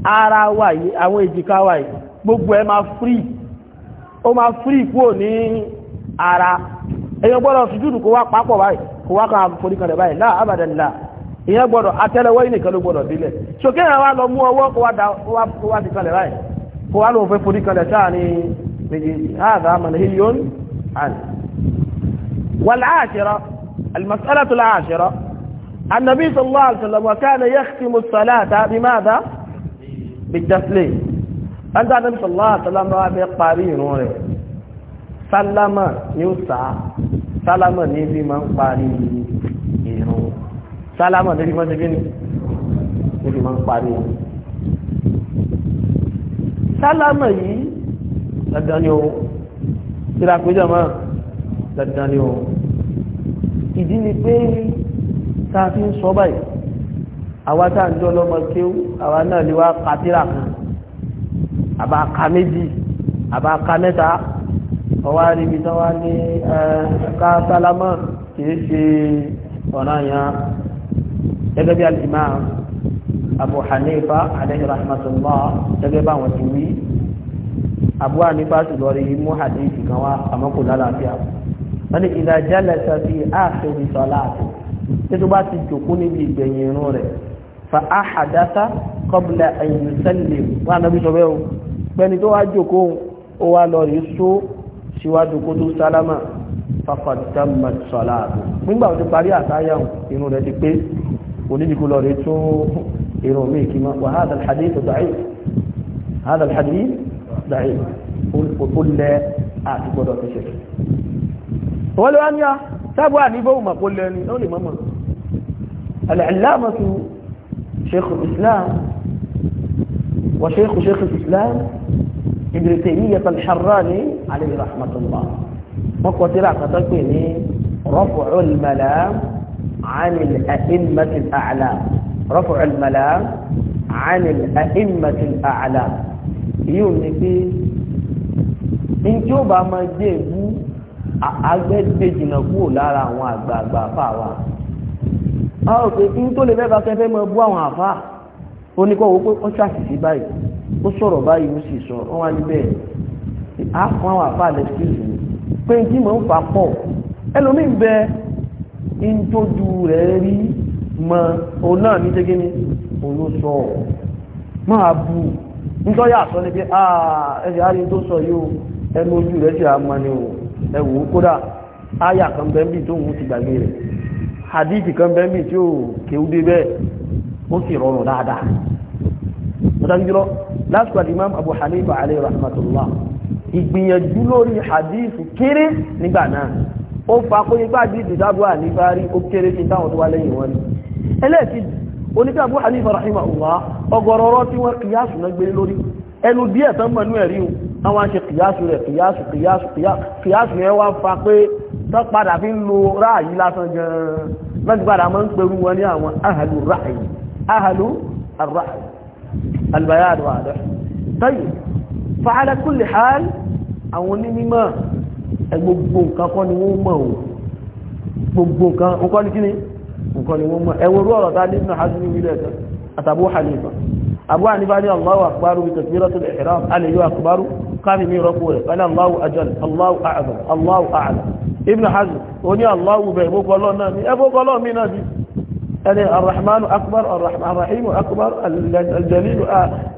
Speaker 1: ara wa yìí àwọn èjìká wa yìí gbogbo ẹ máa frí ó máa frí kúrò ní ara èyàn gbọ́dọ̀ sùjúdù kó wá papọ̀ báyìí kó wá kan àforíkanlẹ̀ báyìí láà abàdànlá èyàn gbọ́dọ̀ àtẹ́lẹwọ́ yìí nìkan ló gbọ́dọ̀ délẹ̀ ṣòkè àwọn lọ mú ọwọ́ kó wá ti kanlẹ̀ báyìí kó wá lóun fẹ́ foríkanlẹ̀ sáà ní والعاشرة المسألة العاشرة النبي صلى الله عليه وسلم وكان يختم الصلاة بماذا بالتسليم أنت النبي صلى الله عليه وسلم بقارين وري سلم يوسع سلم نبي من قارين سلم نبي من قارين níbi من قارين سلم wọn. sálámà yìí سلم ni dandan ni o ìdí ni pé tá a fi ń sọ báyìí àwa tá à ń jọ lọ́mọ kéwú àwa náà lè wá kátírà kan àbá ka méjì àbá ka mẹ́ta ọwá níbi tán ní ẹ̀ka sálámà kìí ṣe ọ̀nà yẹn gẹ́gẹ́ bí alìmá Abu Hanifa alayhi rahmatullah gẹ́gẹ́ bá wọn ti wí Abu Hanifa sì lọ rí mú hadith kan wá àmọ́ lálàáfíà wọ́n ní ìdájá lẹ́sẹ̀ sí ààfin sọ́lá àti tí tó bá ti jòkó níbi ìgbẹ̀yìn irun rẹ̀ fa áhàdáta kọ́bùlà ẹ̀yìn sẹ́lẹ̀ wọ́n àná bí sọ bẹ́ẹ̀ o pẹ́ni tó wá jòkó ó wá lọ rí só síwájú kó tó sálámà fàfàdàmà sọ́lá àti nígbà tó parí àtàyà irun rẹ̀ ti pé onídìkú lọ rí tún irun mi kì í mọ́ wàhálà hadith da'if hadith da'if ó lẹ́ àti gbọ́dọ̀ fi ṣe wọ́n ló wá ní a sábà àníbóhùn màpó lẹ́ni ó lè mọ́mọ́ alàlámàtù sheikh islam wa sheikh sheikh islam ibn taymiyyah al-harrani alayhi rahmatullah wọ́n kọ́ tíra àkàtọ́ pé ní raf'ul malam 'an al-a'immati al-a'lam raf'ul malam 'an al-a'immati al-a'lam yíò ní pé ní tí ó bá máa jẹ́ ìbú agbẹ́gbẹ́ jìnnà kúrò lára àwọn àgbààgbà àfà wa a ò pé kí n tó lè fẹ́ bá kẹfẹ́ mọ bú àwọn àfà ó ní kọ́ wo pé ó ṣàṣìṣe báyìí ó sọ̀rọ̀ báyìí ó sì sọ wọ́n wá ní bẹ́ẹ̀ á fún àwọn àfà lè fi ìlú pé n tí mò ń fa pọ̀ ẹlòmíì ń bẹ n tójú rẹ̀ rí mọ òun náà ní ṣe kíni òun ló sọ máa bu nítorí àsọ ni pé ẹ̀ṣẹ̀ á rí tó sọ yìí o ẹnu ojú rẹ̀ ṣe àmọ́ ni o ẹ wò ó kódà áyà kan bẹ́ẹ̀ bí tó ń ti gbàgbé rẹ̀ hadithi kan bẹ́ẹ̀ bí tí ó kéwú dé bẹ́ẹ̀ ó sì rọrùn dáadáa mọ́tàjúlọ lásìkò àti imam abu hanifa alayhi rahmatullah ìgbìyànjú lórí hadithi kéré nígbà náà ó fa kóyé gbá hadithi sábà nígbà rí ó kéré sí táwọn tó wá lẹ́yìn wọn ẹlẹ́ẹ̀kejì oníkà abu hanifa rahimahullah ọgọrọrọ tí wọ́n kìyà sùn náà gbé lórí ẹnu díẹ̀ tán mọ̀ nú àwọn ṣe kìyàsù rẹ̀ kìyàsù kìyàsù kìyàsù yẹn wá fa pé tán padà fi ń lo ráàyí lásán gan-an lọ́dún padà máa ń pẹ̀rú wọn ní àwọn ahàlù ráàyí ahàlù ráàyí albayadu àdá tayì fa'ala kulli hal àwọn onímọ̀ gbogbo nǹkan kọ́ ni wọ́n mọ̀ o gbogbo nǹkan nǹkan ni kíni nǹkan ni wọ́n mọ̀ ẹ̀wọ̀n káàmì ní rọ́pò rẹ̀ pẹ̀lú Allahu ajal Allahu a'zam Allahu a'lam Ibn Hazm oní Allahu bẹ̀ ìbókọlọ́ náà ní ẹbókọlọ́ mi náà bí ẹni arrahmanu akbar arrahimu akbar aljalilu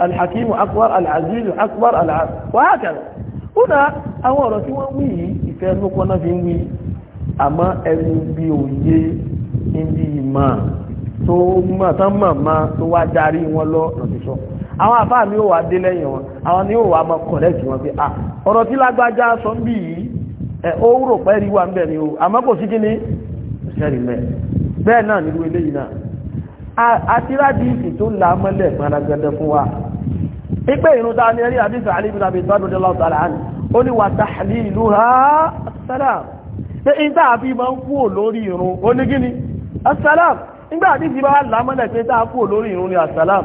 Speaker 1: alhakimu akbar alazizu akbar al'azim wà á kẹrẹ kódà àwọn ọ̀rọ̀ tí wọ́n wí yìí ìfẹ́ ẹnu kan náà fi ń wí àwọn àfáà mi ò wá dé lẹ́yìn wọn àwọn ni ò wá mọ kọ̀rẹ́kì wọn pé à ah, ọ̀rọ̀ tí lágbájá sọ ń bì yìí ẹ̀ ó rò pẹ́ rí wa ń bẹ̀ ni o àmọ́ kò sí kíní sẹ́rì mẹ́ bẹ́ẹ̀ náà nínú eléyìí náà àtiráàdì ìsì tó la mọ́lẹ̀ gbanagbẹ̀dẹ̀ fún wa pípé ìrún ta ni ẹrí àdìsí àlìbìnà bíi tọ́dún dé lọ́wọ́ tààlà ní ó ní wà tààlì ìlú ha sálàm pé ìta àfi máa ń nígbà àdìsí bá wà lámọ́lẹ̀ pé tá a kúrò lórí ìrún ni asálàm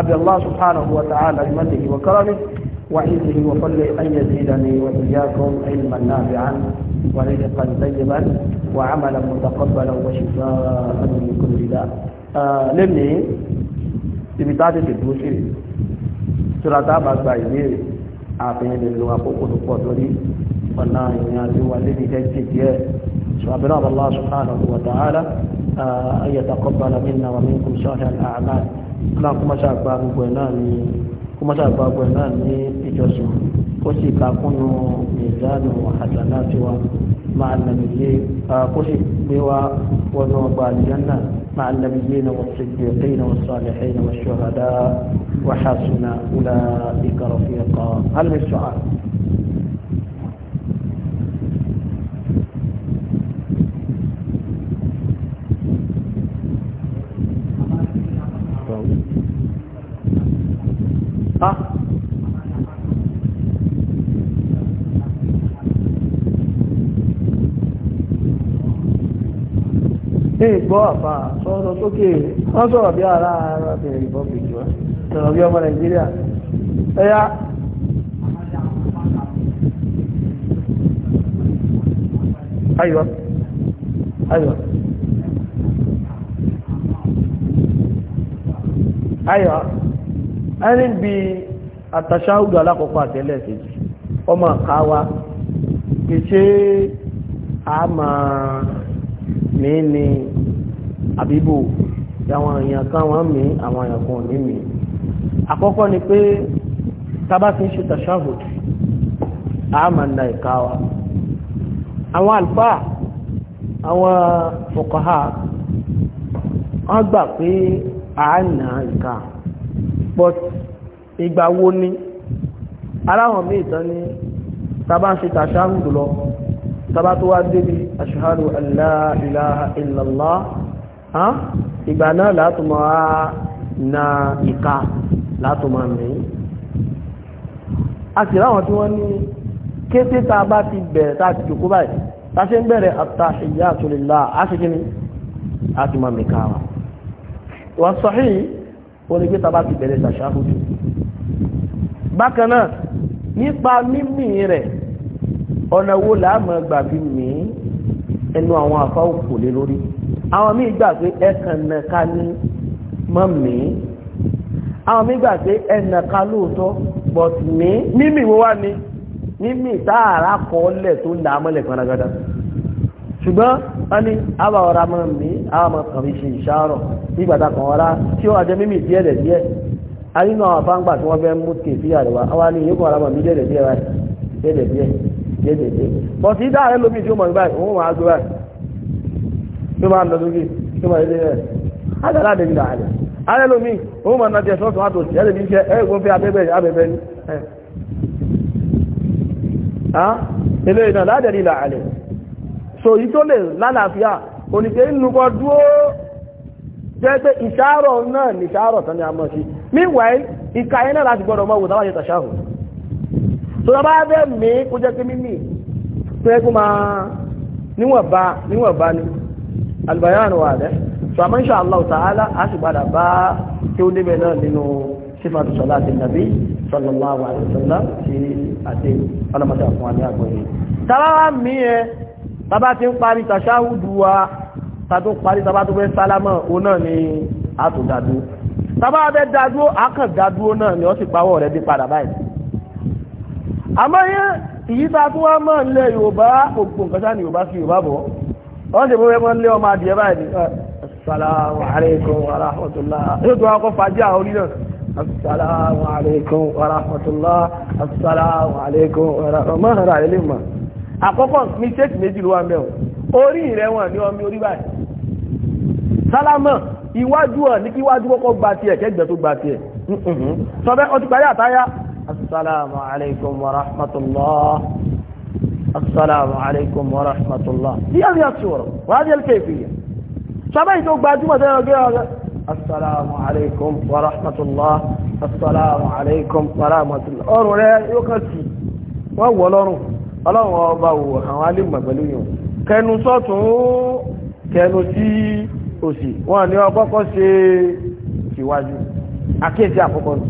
Speaker 1: ابي الله سبحانه وتعالى رحمته وكرمه وعزه وفضله ان يزيدني واياكم علما نافعا ورزقا طيبا وعملا متقبلا وشفاء من كل داء لمني تبتعد تدوسي سرطة بأسباعي ميري أعطيني من لغة فوق نقوة لي فالنائي نياتي والذي تجد سبحان الله سبحانه وتعالى أن يتقبل منا ومنكم شهر الأعمال náà kó máa ṣàgbà gbogbo ẹ̀ náà ní kó máa ṣàgbà gbogbo ẹ̀ náà ní ìjọsìn kó sì ka kúnnú ìdánù àjànà tiwa máa nàbí yé kó sì gbé wa wọnú ọgbà máa nàbí yé wọn wọn ti ẹ àlùjánnà مع النبيين والصديقين والصالحين والشهداء وحسن أولئك رفيقا هل من sọ̀rọ̀. tí ìgbọ́ àpá sọ́rọ̀ sókè wọ́n sọ̀rọ̀ bí ara ara bẹ̀rẹ̀ ìbọn bèjì wá sọ̀rọ̀ bí ọmọ nàìjíríà ẹ̀yà ayọ̀ ayọ̀ ayọ̀ ẹni bí àtàṣáhùdù alákọ̀ọ́kọ́ àtẹ́lẹ̀ kejì ọmọ àkáwá kìí ṣe àmà mí ni àbíbò àwọn èèyàn kan wọ́n mí àwọn èèyàn kan ní mí àkọ́kọ́ ni pé tábà ti ń ṣe tashahud àmàna ìka wa àwọn àlùfáà àwọn fuqaha wọ́n gbà pé àánà ìka pọ̀ ìgbà wo ni aláwọn míì tán ní tábà ń ṣe tashahud lọ sábà tó wá débi ashhadu an la ilaha illallah ha ìgbà náà látùmọ̀ á na ìka látùmọ̀ mi a sì ráwọn tí wọ́n ní kété tá a bá ti bẹ̀rẹ̀ tá a ti jòkó báyìí tá ṣe ń bẹ̀rẹ̀ at-tahiyyatu lillah a ṣe kí ni a ti mọ̀ mi ká wa wà sahih ó ní pé tá bá ti bẹ̀rẹ̀ ṣàṣàkùtù bákan náà nípa mímì rẹ̀ ọ̀nà wo láàmú ẹgbà fi mí ẹnu àwọn afá òkò lé lórí àwọn míì gbà pé ẹkàn nàka ní mọ́ mí àwọn míì gbà pé ẹnàka lóòótọ́ but mí mímì wo wá ni mímì táàrà kọ́ọ́lẹ̀ tó là á mọ́lẹ̀ gbanagada ṣùgbọ́n wọ́n ní àwọn ọ̀rá mọ́ mí àwọn ọmọ kan fi ṣe ìṣàrọ̀ nígbàdà kan ọ̀rá tí ó àjẹ mímì díẹ̀ díẹ̀ àyínú àwọn afá ń gbà tí mú tèfí àríwá àwọn àníyàn kọ̀ ọ̀rá mọ́ mí díẹ̀ díẹ̀ díẹ̀ ṣe é dédé bọ̀tí dáa rẹ lómi tí ó mọ̀ nígbà òun máa gbé báyìí tó máa lọ lókè tó máa lé rẹ̀ àdàlà àdèmí là àdà àrẹ lómi òun máa nàjẹ sọ́ọ̀tún àtòsí ẹ̀ lè ní iṣẹ́ ẹ̀ gbọ́n fẹ́ abẹ́bẹ́ abẹ́bẹ́ ní ilé ìnà ládẹ̀rí là àlẹ̀ so yí tó lè lálàáfíà oníṣe inú kan dúró jẹ́ pé ìṣàárọ̀ náà ìṣàárọ̀ tán ni a mọ̀ sí meanwhile náà láti gbọ́dọ̀ mọ́ wò tó lọ bá bẹ́ mí kó jẹ́ pé mímì tó yẹ kó máa níwọ̀nba níwọ̀nba ni albayan wà rẹ̀ tó àmọ́ insha Allah ta'ala a sì padà bá kí ó débẹ̀ náà nínú sífàtù salati nàbí sallallahu alaihi wasallam sí àti ọlọ́mọdé àfún àmì àgbọ̀yìn tàbáwá mi ẹ bàbá ti ń parí tàṣáhùdù wa tàbí parí tàbá tó fẹ́ sálámọ̀ òun náà ni a tó dàdú tàbá fẹ́ dàdú akàn náà ni ó sì pawọ́ rẹ̀ bí padà báyìí àmọ́ yẹ́ ìyí ta tó wá mọ́ ilẹ̀ Yorùbá òpó nǹkan sáà ní Yorùbá fi Yorùbá bọ̀ wọ́n ti bó wẹ́pọ̀ lé ọmọ adìẹ báyìí assalamu alaikum wa rahmatullah yóò tó wá kọ́ fàájì assalamu alaikum wa assalamu alaikum wa rahmatullah mọ́ ara rẹ̀ lè mọ̀ àkọ́kọ́ mistake méjì ló wà ń bẹ̀ orí rẹ̀ wọ̀n ní ọmọ orí báyìí sálámà iwájú ọ̀ ní kíwájú kọ́kọ́ gba tiẹ̀ kẹ́gbẹ́ tó gba tiẹ̀ sọ bẹ́ẹ̀ ọtí parí àtáyá السلام عليكم ورحمة الله السلام عليكم ورحمة الله دي هذه الصورة وهذه الكيفية سبعي توقع جمعة السلام عليكم ورحمة الله السلام عليكم ورحمة الله أروا لا يقصي وهو لونه ọlọ́run ọba òwò àwọn alẹ́mọ̀ pẹ̀lú yìí سي sọ́tún kẹnu sí òsì wọn ni ọkọ́ kọ́ ṣe síwájú akéèsí àkọ́kọ́ nù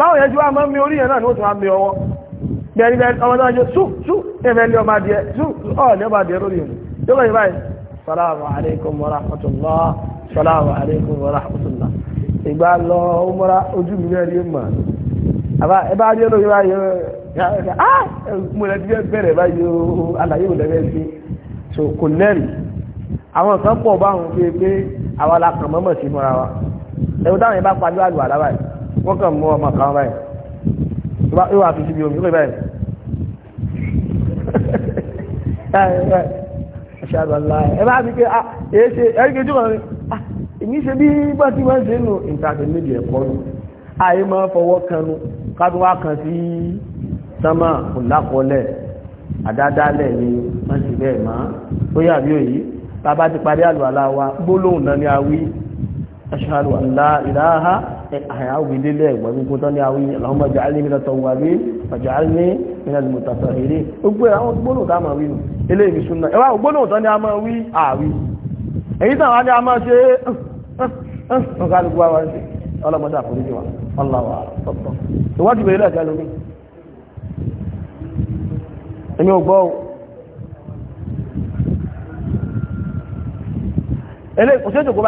Speaker 1: báwọn yẹn ju wá máa ń mi orí yẹn náà ni ó tún wá mi ọwọ́ bẹ́ẹ̀ni bẹ́ẹ̀ ọmọ náà jẹ́ sú sú ẹ̀fẹ́ lé ọmọ adìẹ sú ọ̀lẹ́ ọmọ adìẹ lórí yẹn yóò lọ yìí báyìí salamu alaykum wa rahmatullah salamu alaykum wa rahmatullah ìgbà lọ ah mo lè díẹ̀ bẹ̀rẹ̀ o àlàyé ò lẹ́rẹ́ sí so kò lẹ́rì àwọn kan pọ̀ báwọn pé pé àwa la kàn mọ́mọ́ sí mọ́ra wa ẹ̀wọ̀n táwọn yẹn bá parí àlù wọ́n kàn mú ọmọ kan báyìí ìwà ìwà àti síbi omi lórí báyìí ṣàbàlá ẹ bá ti pé ah, ẹ ṣe ẹgbẹ́ jùlọ rẹ̀ èmi ṣe bí bá ti máa ń ṣe nù ìtàkì méjì ẹ̀kọ́ nù àyè máa fọwọ́ kan nù kábí wá kan sí sánmà kò lákọọlẹ̀ àdádálẹ̀ ni wọ́n ti bẹ́ẹ̀ máa ó yà bí òyí bàbá ti parí àlùwàlá wa gbólóhùn náà ni a wí أشهد أن لا إله أحياء بالله ومن كنت يعوي اللهم اجعلني من التوابين واجعلني من المتطهرين gbogbo àwọn gbólóhùn tá a máa wí nù eléyìí fi súnà ẹwà gbólóhùn tán ni a máa wí àwí èyí tàn wá ní a máa ṣe ọ̀gá gbogbo àwọn ṣe ọlọ́mọdé àforíjì wa ọlọ́wà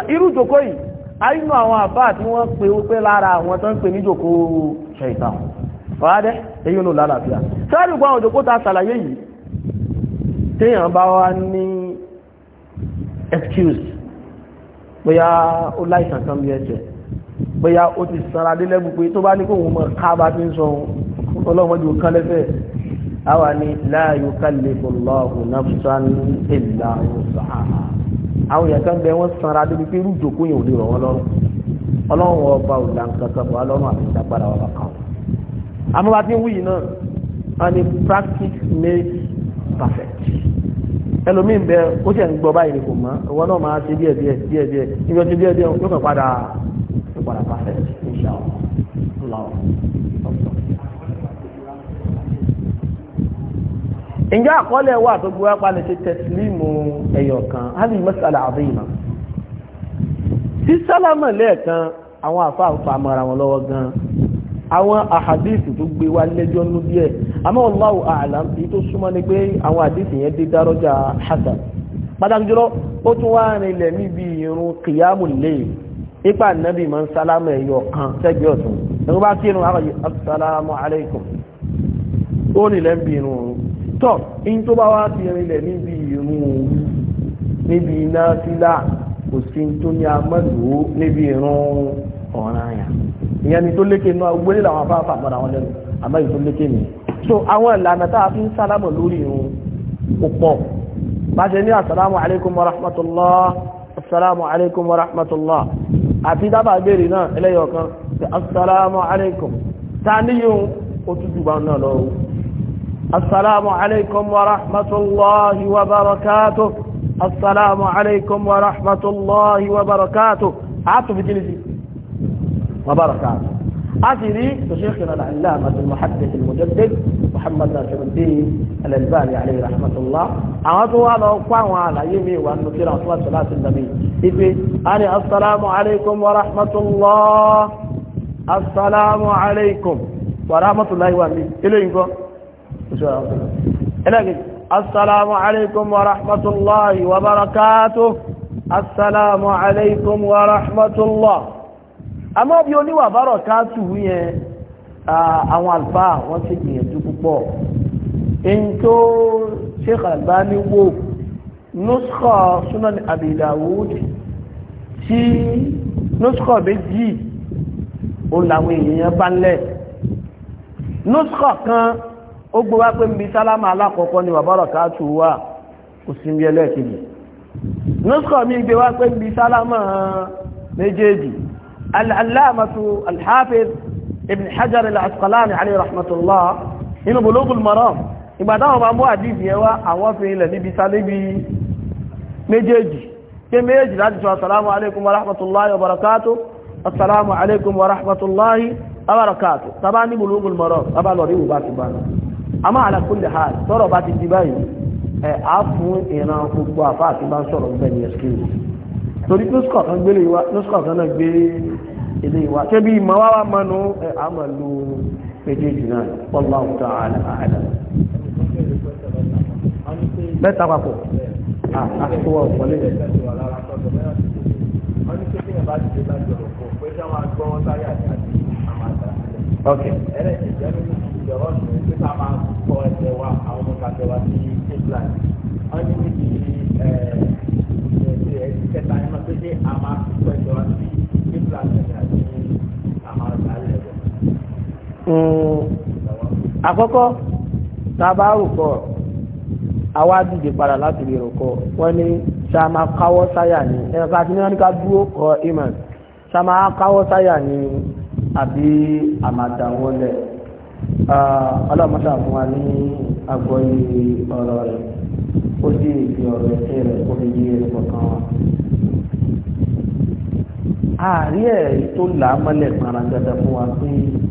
Speaker 1: tọ̀tọ̀ àyínú àwọn àfáà tí wọ́n pe wípé lára àwọn tó ń pe níjòkó ṣẹ̀ìtàn fàádẹ́ èyí ló lálàáfíà sẹ́rì gbọ́n òjòkó ta ṣàlàyé yìí téèyàn bá wá ní excuse bóyá ó láìsàn kan bí ẹ̀jẹ̀ bóyá ó ti sanra dé lẹ́bù pé tó bá ní kóhun mọ̀ ká bá ti ń sọ ọlọ́mọdé kan lẹ́fẹ̀ àwa ni la yukallifu Allahu nafsan illa wus'aha àwọn èèyàn kan bẹ wọ́n sanra débi pé irú ìjókòó yẹn ò lè rọ̀ wọ́n lọ́rùn ọlọ́run ọba ò là ń kankan bọ̀ ọlọ́run àti ìdápadà wà kàn. àmọ́ wúyì náà wọ́n ní practice makes perfect. ẹlòmíì ń bẹ ó ṣe ń gbọ́ báyìí kò mọ́ ìwọ náà máa ṣe díẹ̀ díẹ̀ díẹ̀ díẹ̀ níbi ọtí díẹ̀ yóò kàn padà padà perfect. ǹjẹ́ àkọọ́lẹ̀ wà tó gbé wápá lè ṣe tẹ̀sílímù ẹ̀yọ̀ kan hali masala azima tí sálámà lẹ́ẹ̀kan àwọn àfa àfàmọ́ wọn lọ́wọ́ gan àwọn àhàdíìsì tó gbé wá lẹ́jọ́ nú díẹ̀ àmọ́ wallahu a'lam èyí tó súnmọ́ ni pé àwọn àdíìsì yẹn dé dárọ́jà hasan pàtàkì jùlọ ó tún wá níbi kìyàmù ipa nàbì tọ́ in tó bá wá fi rinlẹ̀ níbi ìrún òun níbi iná sílá kò sí tó ní amọ́lùú níbi ìrún ọ̀ràn àyà ìyẹn ni tó lékè náà wọlé làwọn afáfà mọ́ra wọn lẹ́nu àmọ́ ìtó lékè nìyẹn so àwọn ìlànà tá a fi ń sálámọ̀ lórí ìrún kò pọ̀ bá ṣe ní assalamu alaikum wa rahmatullah assalamu alaikum wa rahmatullah àti dábàá béèrè náà ẹlẹ́yọ̀kan assalamu alaikum ta níyùn ó tútù bá náà lọ́wọ́ السلام عليكم ورحمة الله وبركاته السلام عليكم ورحمة الله وبركاته عطف جلسي وبركاته عطري بشيخنا العلامة المحدث المجدد محمد ناصر الدين الألباني عليه رحمة الله عطوا على أقوام وعلى يمي وأن نكير أصلاة صلاة النبي إذن أنا السلام عليكم ورحمة الله السلام عليكم ورحمة الله وبركاته إليكم assalamu alaikum wa rahmatullahi wa barakatuh assalamu alaikum wa rahmatullah àmọ́ bí oníwà bárọ̀ káàtù yẹn àwọn àlùfà wọ́n ti gbìyànjú púpọ̀ in tó Sheikh Albani wò nuskha sunan Abi Dawud tí nuskha méjì òun làwọn èèyàn bá ń lẹ̀ nuskha kan ó gbọ́ wá pé níbi sálámà alákọ̀ọ́kọ́ ni wàbọ́rọ̀ káàtù wà kò sí ibi ẹlẹ́ẹ̀kejì nùsùkọ̀ mi gbé wá pé níbi sálámà méjèèjì aláàmàtú alhafiz ibn hajar al-asqalani alayhi rahmatullah inú bulugul maram ìgbà táwọn bá mú àdìsí yẹn wá àwọn fi ilẹ̀ níbi sálébi méjèèjì pé méjèèjì láti sọ assalamu alaikum wa rahmatullahi assalamu alaikum wa rahmatullahi wa barakatuh tabani maram tabalori wo bá ti bá àmọ́ àlà kulli hal sọ̀rọ̀ bá ti di báyìí ẹ̀ á fún ìran gbogbo àfa àti bá ń sọ̀rọ̀ ń bẹ̀rẹ̀ ẹ̀skíwì torí nùsùkọ̀ kan gbélé wa nùsùkọ̀ kan náà gbé ilé wa ṣé bí ìmọ̀ wá wá mọ́nu ẹ̀ á mọ̀ lu méjèèjì náà wallahu ta'ala a'lam. mẹ́ta papọ̀ àtúntò wa
Speaker 2: ok àjọ wa sí England wọ́n ní níbi ẹ̀ẹ́dẹ̀ kẹta ẹ̀ máa pèsè àmà àkókò ìjọ wa sí England àti àmà àlẹ́
Speaker 1: hmm. àkọ́kọ́ tá a bá rò pọ̀ àwa dìde padà láti lè rò pọ̀ wọ́n ní sàmà káwọ́ sáyà ni ẹ̀rọ ká ti ká dúró kọ imam sàmà káwọ́ sáyà ni àbí àmàdàwọ́lẹ̀. Ah, ọlọ́mọṣà fún wa ní agbọ́yé ọ̀rọ̀ rẹ̀ ó sì fi ọ̀rọ̀ ẹ̀sẹ̀ rẹ̀ kó fi yé ẹ̀rọ kọ̀ọ̀kan wa. ààrí ẹ̀ tó là á mọ́lẹ̀ parangbẹ̀dẹ̀ fún wa pé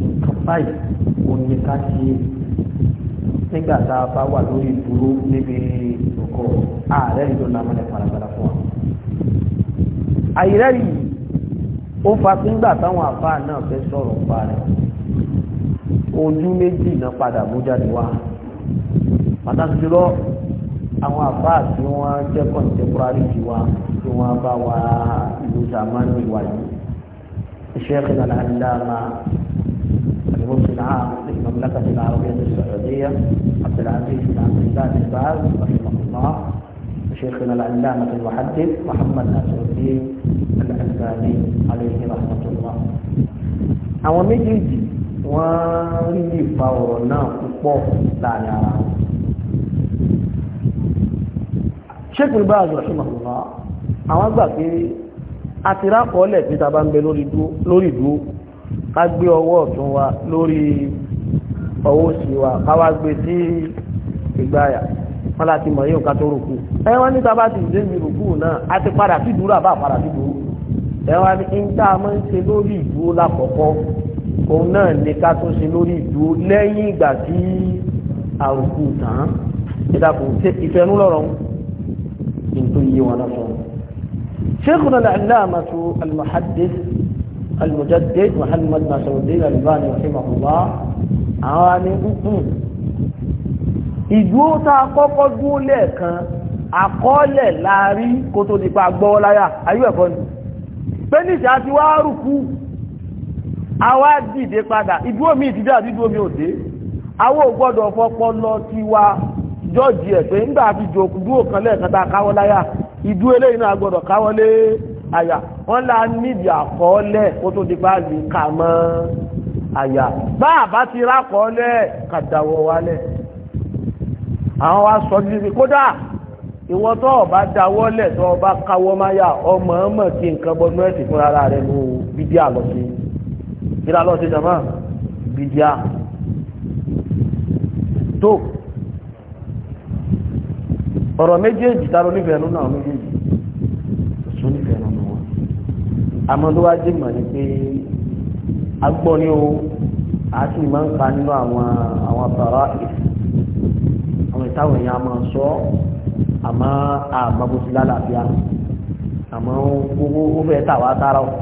Speaker 1: nǹkan báyìí kò ní ká ṣe nígbà tá a bá wà lórí ìdúró níbi ìdókò ààrẹ yìí tó là á mọ́lẹ̀ parangbẹ̀dẹ̀ fún wa. àìrẹ́rì ó fa pé ńgbà táwọn àfáà náà fẹ́ sọ̀rọ̀ pa rẹ̀ ojú méjì náà padà mú jáde wá pàtàkì jùlọ àwọn àbá tí wọ́n jẹ́ contemporary ti wa tí wọ́n bá wa ìlú zamani wa yìí الشيخ العلامة المحسن عام للمملكة العربية السعودية عبد العزيز بن عبد الله بن باز رحمه الله شيخنا العلامة المحدث محمد ناصر الدين الألباني عليه رحمة الله. àwọn méjèèjì wọ́n rí ìfa ọ̀rọ̀ náà púpọ̀ láàrin ara wọn. ṣékùn bá àjọ ṣe màmúlá àwọn gbà pé a ti rákọọ́lẹ̀ pé ta bá ń bẹ lórí ìdúró ká gbé ọwọ́ ọ̀tún wa lórí ọwọ́ òsì wa ká wá gbé sí ìgbáyà wọn láti mọ̀ yóò ká tó rúkú ẹ wọ́n ní ta bá ti dé mi rúkú náà a ti padà sí dúró àbá padà sí dúró ẹ wọ́n ní ń tá a máa ń ṣe lórí ìdúró lákọ̀ọ́kọ́ òun náà ní ká tó ṣe lórí ìdúró lẹ́yìn ìgbà tí àrùkù tán ìdàpọ̀ ìfẹ́nú lọ́rọ̀ ń tó yé wọn lọ́sọ̀. شيخنا العلامة المحدث المجدد محمد ناصر الدين الألباني رحمه الله àwọn ìdúró tá a kọ́kọ́ dúró lẹ́ẹ̀kan àkọọ́lẹ̀ láàrí kó nípa gbọ́ láyà ayé ẹ̀kọ́ ni pé níṣẹ́ àti wá rùkú àwa dìde padà ìdúró mi ìdídá dídúró mi ò dé gbọ́dọ̀ fọpọ́ lọ tiwa jọ́ọ̀jì ẹ̀ pé nígbà fi jòkú dúró kan lẹ́ẹ̀kan tá a káwọ́ láyà ìdúró eléyìí náà gbọ́dọ̀ káwọ́ lé àyà wọ́n la níbi àkọọ́lẹ̀ kó tó di lè kà mọ́ àyà ti wálẹ̀ àwọn wa sọ ọba tó ọba káwọ́ máyà ọmọ ọmọ kí nǹkan ẹ̀sìn fúnra rẹ̀ kí lálọ́ ṣe jọmọ́ bìdíà tó ọ̀rọ̀ méjèèjì tàbí onífẹ̀ẹ́nú náà méjèèjì
Speaker 2: sún nífẹ̀ẹ́nú wọn
Speaker 1: àmọ́ tó wá jẹ́ mọ̀ ní pé agbọ́ ní o a sì máa ń ka nínú àwọn àwọn bàrá àwọn ìtàwọn èèyàn máa ń sọ àmọ́ àmọ́ lálàáfíà àmọ́ owó ó fẹ́ tààrà ọ̀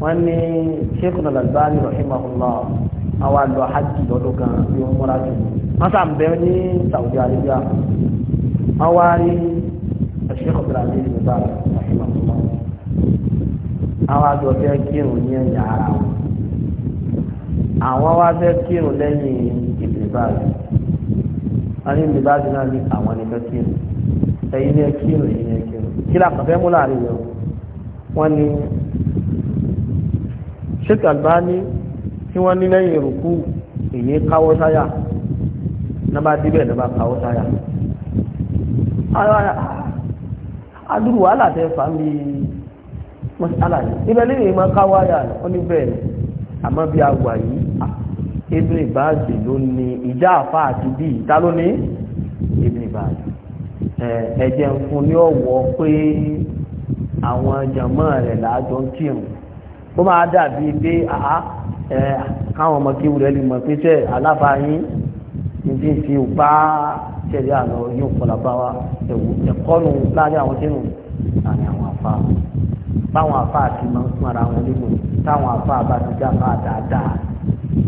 Speaker 1: wọ́n ní sheikh Al-Albani rahimahullah àwọn àlọ́ hajj lọ́dún kan bí wọ́n múra jù wọ́n sà ń bẹ ní Saudi Arabia wọ́n wá rí sheikh Abdulaziz Mubarak rahimahullah àwọn àjọ fẹ́ kírun ní ẹ̀yà ara wọn àwọn wá fẹ́ kírun lẹ́yìn ìbíbáàgì wọ́n ní ìbíbáàgì náà ní àwọn ní fẹ́ kírun ẹ̀yin ní kírun ẹ̀yin ní kírun kí làkàfẹ́ mú láàrin yẹn wọ́n ní Sheikh Albani tí wọ́n ní lẹ́yìn rùkú ìní káwọ́ sáyà náà bá débẹ̀ náà bá káwọ́ sáyà adúrú wàhálà tẹ fà ń bi mọ́sálà yìí ibẹ̀ lè máa káwọ́ ayà ó ní bẹ́ẹ̀ àmọ́ bí a wà yìí Ibn Baz ló ní ìjà àfa àti bí ìta ló ní Ibn Baz ẹ̀jẹ̀ ń fún ní ọ̀wọ́ pé àwọn jàmọ́ rẹ̀ làájọ ń kírun ó máa dàbí pé àá káwọn ọmọ kí wúrẹ́ lè mọ̀ pé sẹ́ aláfààyín ní ti fi bá tẹ̀lé àlọ́ yóò kọ́lá bá wa ẹ̀kọ́ nù láàrin àwọn tí nù láàrin àwọn afá báwọn afá àti máa ń fún ara wọn lémo táwọn afá bá ti dá afá dáadáa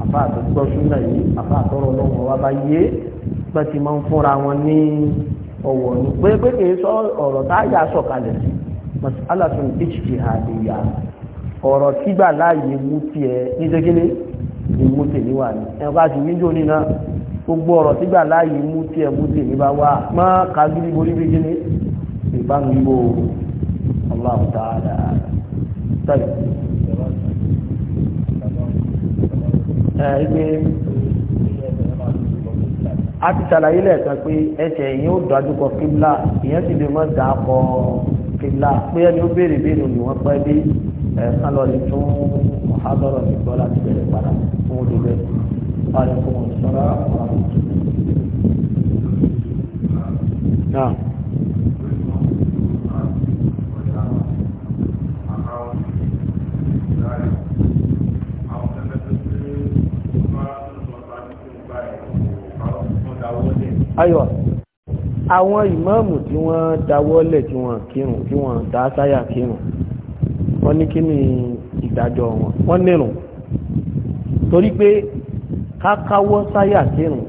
Speaker 1: afá tó gbọ́ súnà yìí afá tọrọ lọ́wọ́ wa bá yé bá ti máa ń fúnra wọn ní ọwọ́ ní pé pé kì í sọ ọ̀rọ̀ tá a yà sọ̀kalẹ̀ sí masalatun ijtihadiyya ọ̀rọ̀ tígbà láàyè mú tiẹ̀ ní tẹ́kíní ìmú tèmi wà ní ẹ̀rọ bá ti wíńdò ní náà gbogbo ọ̀rọ̀ tígbà láàyè mú tiẹ̀ mú tèmi bá wà má kagiri borí bí kíní ìbámu ibo Allahu ta'ala tẹ́lẹ̀. ẹ ẹgbẹ́ a ti ṣàlàyé lẹ́ẹ̀kan pé ẹsẹ̀ yìí ó dájú kọ kíbla ìyẹn sì lè mọ̀ dáa kọ kíbla pé ẹni ó béèrè béèrè òní wọ́n pẹ́ dé ẹ̀ẹ̀kan lọ lè tún ọ̀hádọ́rọ̀ lè gbọ́ láti bẹ̀rẹ̀ padà fún olùgbé wàlẹ̀ fún ọ̀ṣọ́rọ̀
Speaker 2: ọ̀hún. náà.
Speaker 1: ayọ̀ àwọn ìmáàmù tí wọ́n dáwọ́lẹ̀ tí wọ́n kírun tí wọ́n dá sáyà kírun wọ́n ní kí ni ìdájọ́ wọn wọ́n nírun torí pé kákáwọ́ sáyà sírun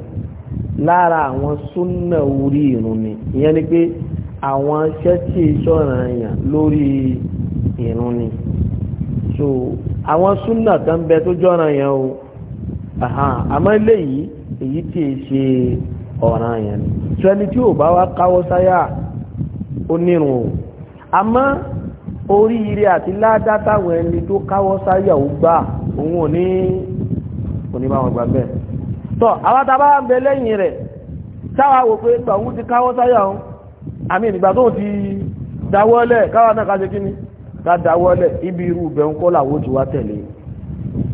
Speaker 1: lára àwọn súnà orí ìrun ni ìyẹn ni pé àwọn iṣẹ́ tí ìṣọ́ra èèyàn lórí ìrun ni so àwọn súnà kan bẹ tó jọ́ra yẹn o àmọ́ eléyìí èyí tí ì ṣe ọ̀ràn yẹn ni so ẹni tí ò bá wá káwọ́ sáyà ó nírun o àmọ́ oríire àti ládá táwọn ẹni tó káwọ́ sáyà ó gbà òun ò ní kò ní bá wọn gbà bẹ́ẹ̀ tọ́ àwọn tàbá ń bẹ lẹ́yìn rẹ̀ sáwà wò pé tọ̀hún ti káwọ́ sáyà ó àmì ìgbà tó ti dáwọ́lẹ̀ káwà náà ká ṣe kí ni ká dáwọ́lẹ̀ ibi irú ìbẹ̀rún kọ́ làwọ́ ti wá tẹ̀lé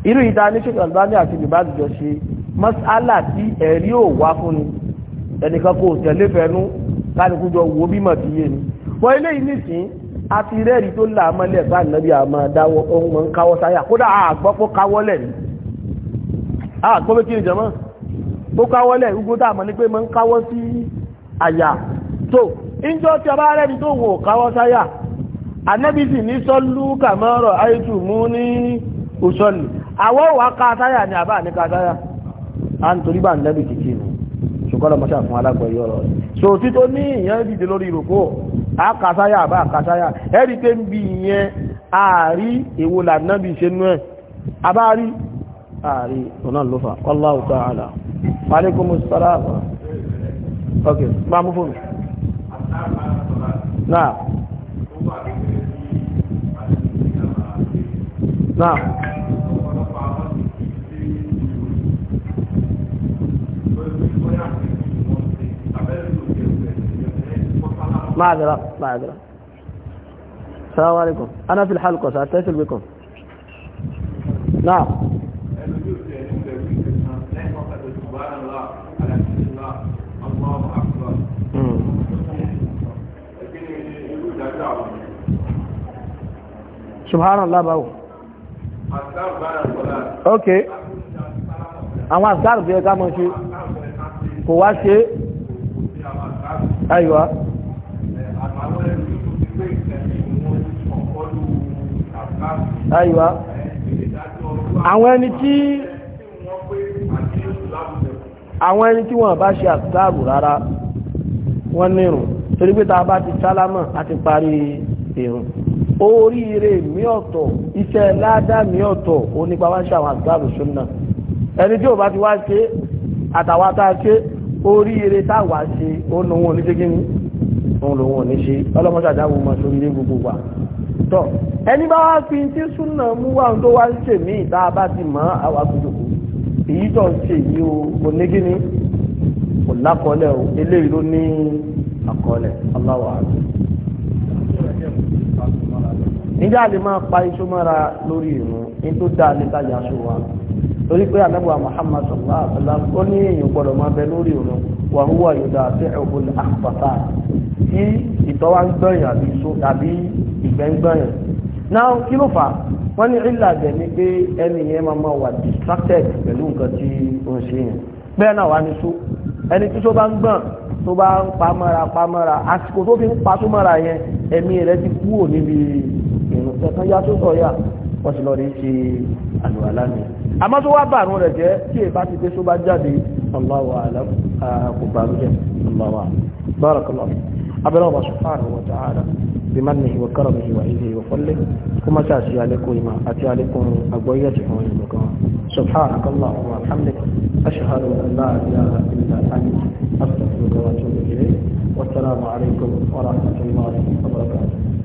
Speaker 1: irú ìta ní ṣèkà albani àti ìbáàdì jọ ṣe masala tí ẹ̀rí ò wá fún ni ẹnìkan kò tẹ̀lé fẹnu kálukú wo bímọ ti yé ni wọ́n eléyìí nìsín a ti rẹ́rìí tó là mọ́lẹ̀ bá nàbí àmọ́ dáwọ́ ohun mọ́ ń káwọ́ sáyà kódà àgbọ́ pó káwọ́lẹ̀ àgbọ́ pé kí ni jọmọ́ pó káwọ́lẹ̀ ugbó tá àmọ́ ní pé mọ́ ń káwọ́ sí àyà tó ìjọ́ tí a bá rẹ́rìí tó wò káwọ́ sáyà ní sọ́lú kàmọ́rọ̀ ni àbá ní ká sáyà à ń torí bá kọ́lọ̀ mọ́ṣà fún alágbọ̀yọ́ rọ̀ so tító ní ìyẹn dìde lórí ìrùkó àkàsáyà àbá àkàsáyà ẹ̀rí pé ń bí ìyẹn ààrí èwo lànà bí ṣe nú ẹ̀ àbárí ààrí ọ̀nà ló fà Allahu ta'ala alaikum salaam ok máa mú fóònù
Speaker 2: náà náà معذرة
Speaker 1: معذرة السلام عليكم أنا في الحلقة سأتصل بكم نعم subhana allah bawo ok àwọn àgbàrùgbé ẹgbàmọ́ ṣe kò wá ṣe
Speaker 2: ayíwá àìwá
Speaker 1: àwọn ẹni tí àwọn ẹni tí wọ́n bá ṣe àtàrù rárá wọ́n nírùn torí pé ta bá ti sálámà àti parí ìrùn oríire mi ọ̀tọ̀ iṣẹ́ ládá mi ọ̀tọ̀ onípa wá ṣe àwọn àtàrù súnà ẹni tí ò bá ti wá ṣe àtàwátá ṣe oríire táwà ṣe ó lòun ò ní ṣe kí ni òun lòun ò ní ṣe ọlọ́mọṣàdáwò mọ̀ sórí ilé gbogbo wa tọ́ ẹni bá wá fi tí súnà mú wà tó wá ń mí ìta bá ti mọ́ awa àkójọpọ̀ èyí tó ń ṣe yí o kò ní kò lákọọ́lẹ̀ o eléyìí ló ní àkọọ́lẹ̀ aláwọ̀ àlọ́ níjà lè máa pa iṣu mọ́ra lórí ní tó dáa aṣọ wa torí pé anábọ̀ Muhammad ó ní èèyàn gbọ́dọ̀ máa bẹ lórí wà yóò dáa tí ìtọ́wá ń ìgbẹ́ ń gbọ́n yẹn náà kí ló fà wọ́n ní ìlà bẹ̀ ni pé ẹni yẹn máa máa wà distracted pẹ̀lú nǹkan tí ó ń ṣe yẹn bẹ́ẹ̀ náà wà ní so ẹni tí tó bá ń gbọ́n tó bá ń pa mọ́ra pa mọ́ra àsìkò tó fi ń pa tó mọ́ra yẹn ẹ̀mí rẹ ti kúrò níbi ìrùn kankan yá tó sọ yá wọ́n ti lọ rí ṣe àlùwàlá mi àmọ́ tó wá bàrún rẹ̀ jẹ́ tí èbá ti pé tó bá jáde Allahu a'lam kò bàrún jẹ́ subhanahu wa ta'ala بمنه وكرمه وعزه وفضله كما تأتي عليكم أتي عليكم أبويتكم ويبكم سبحانك اللهم وبحمدك أشهد أن لا إله إلا أنت أستغفرك وأتوب إليك والسلام عليكم ورحمة
Speaker 2: الله وبركاته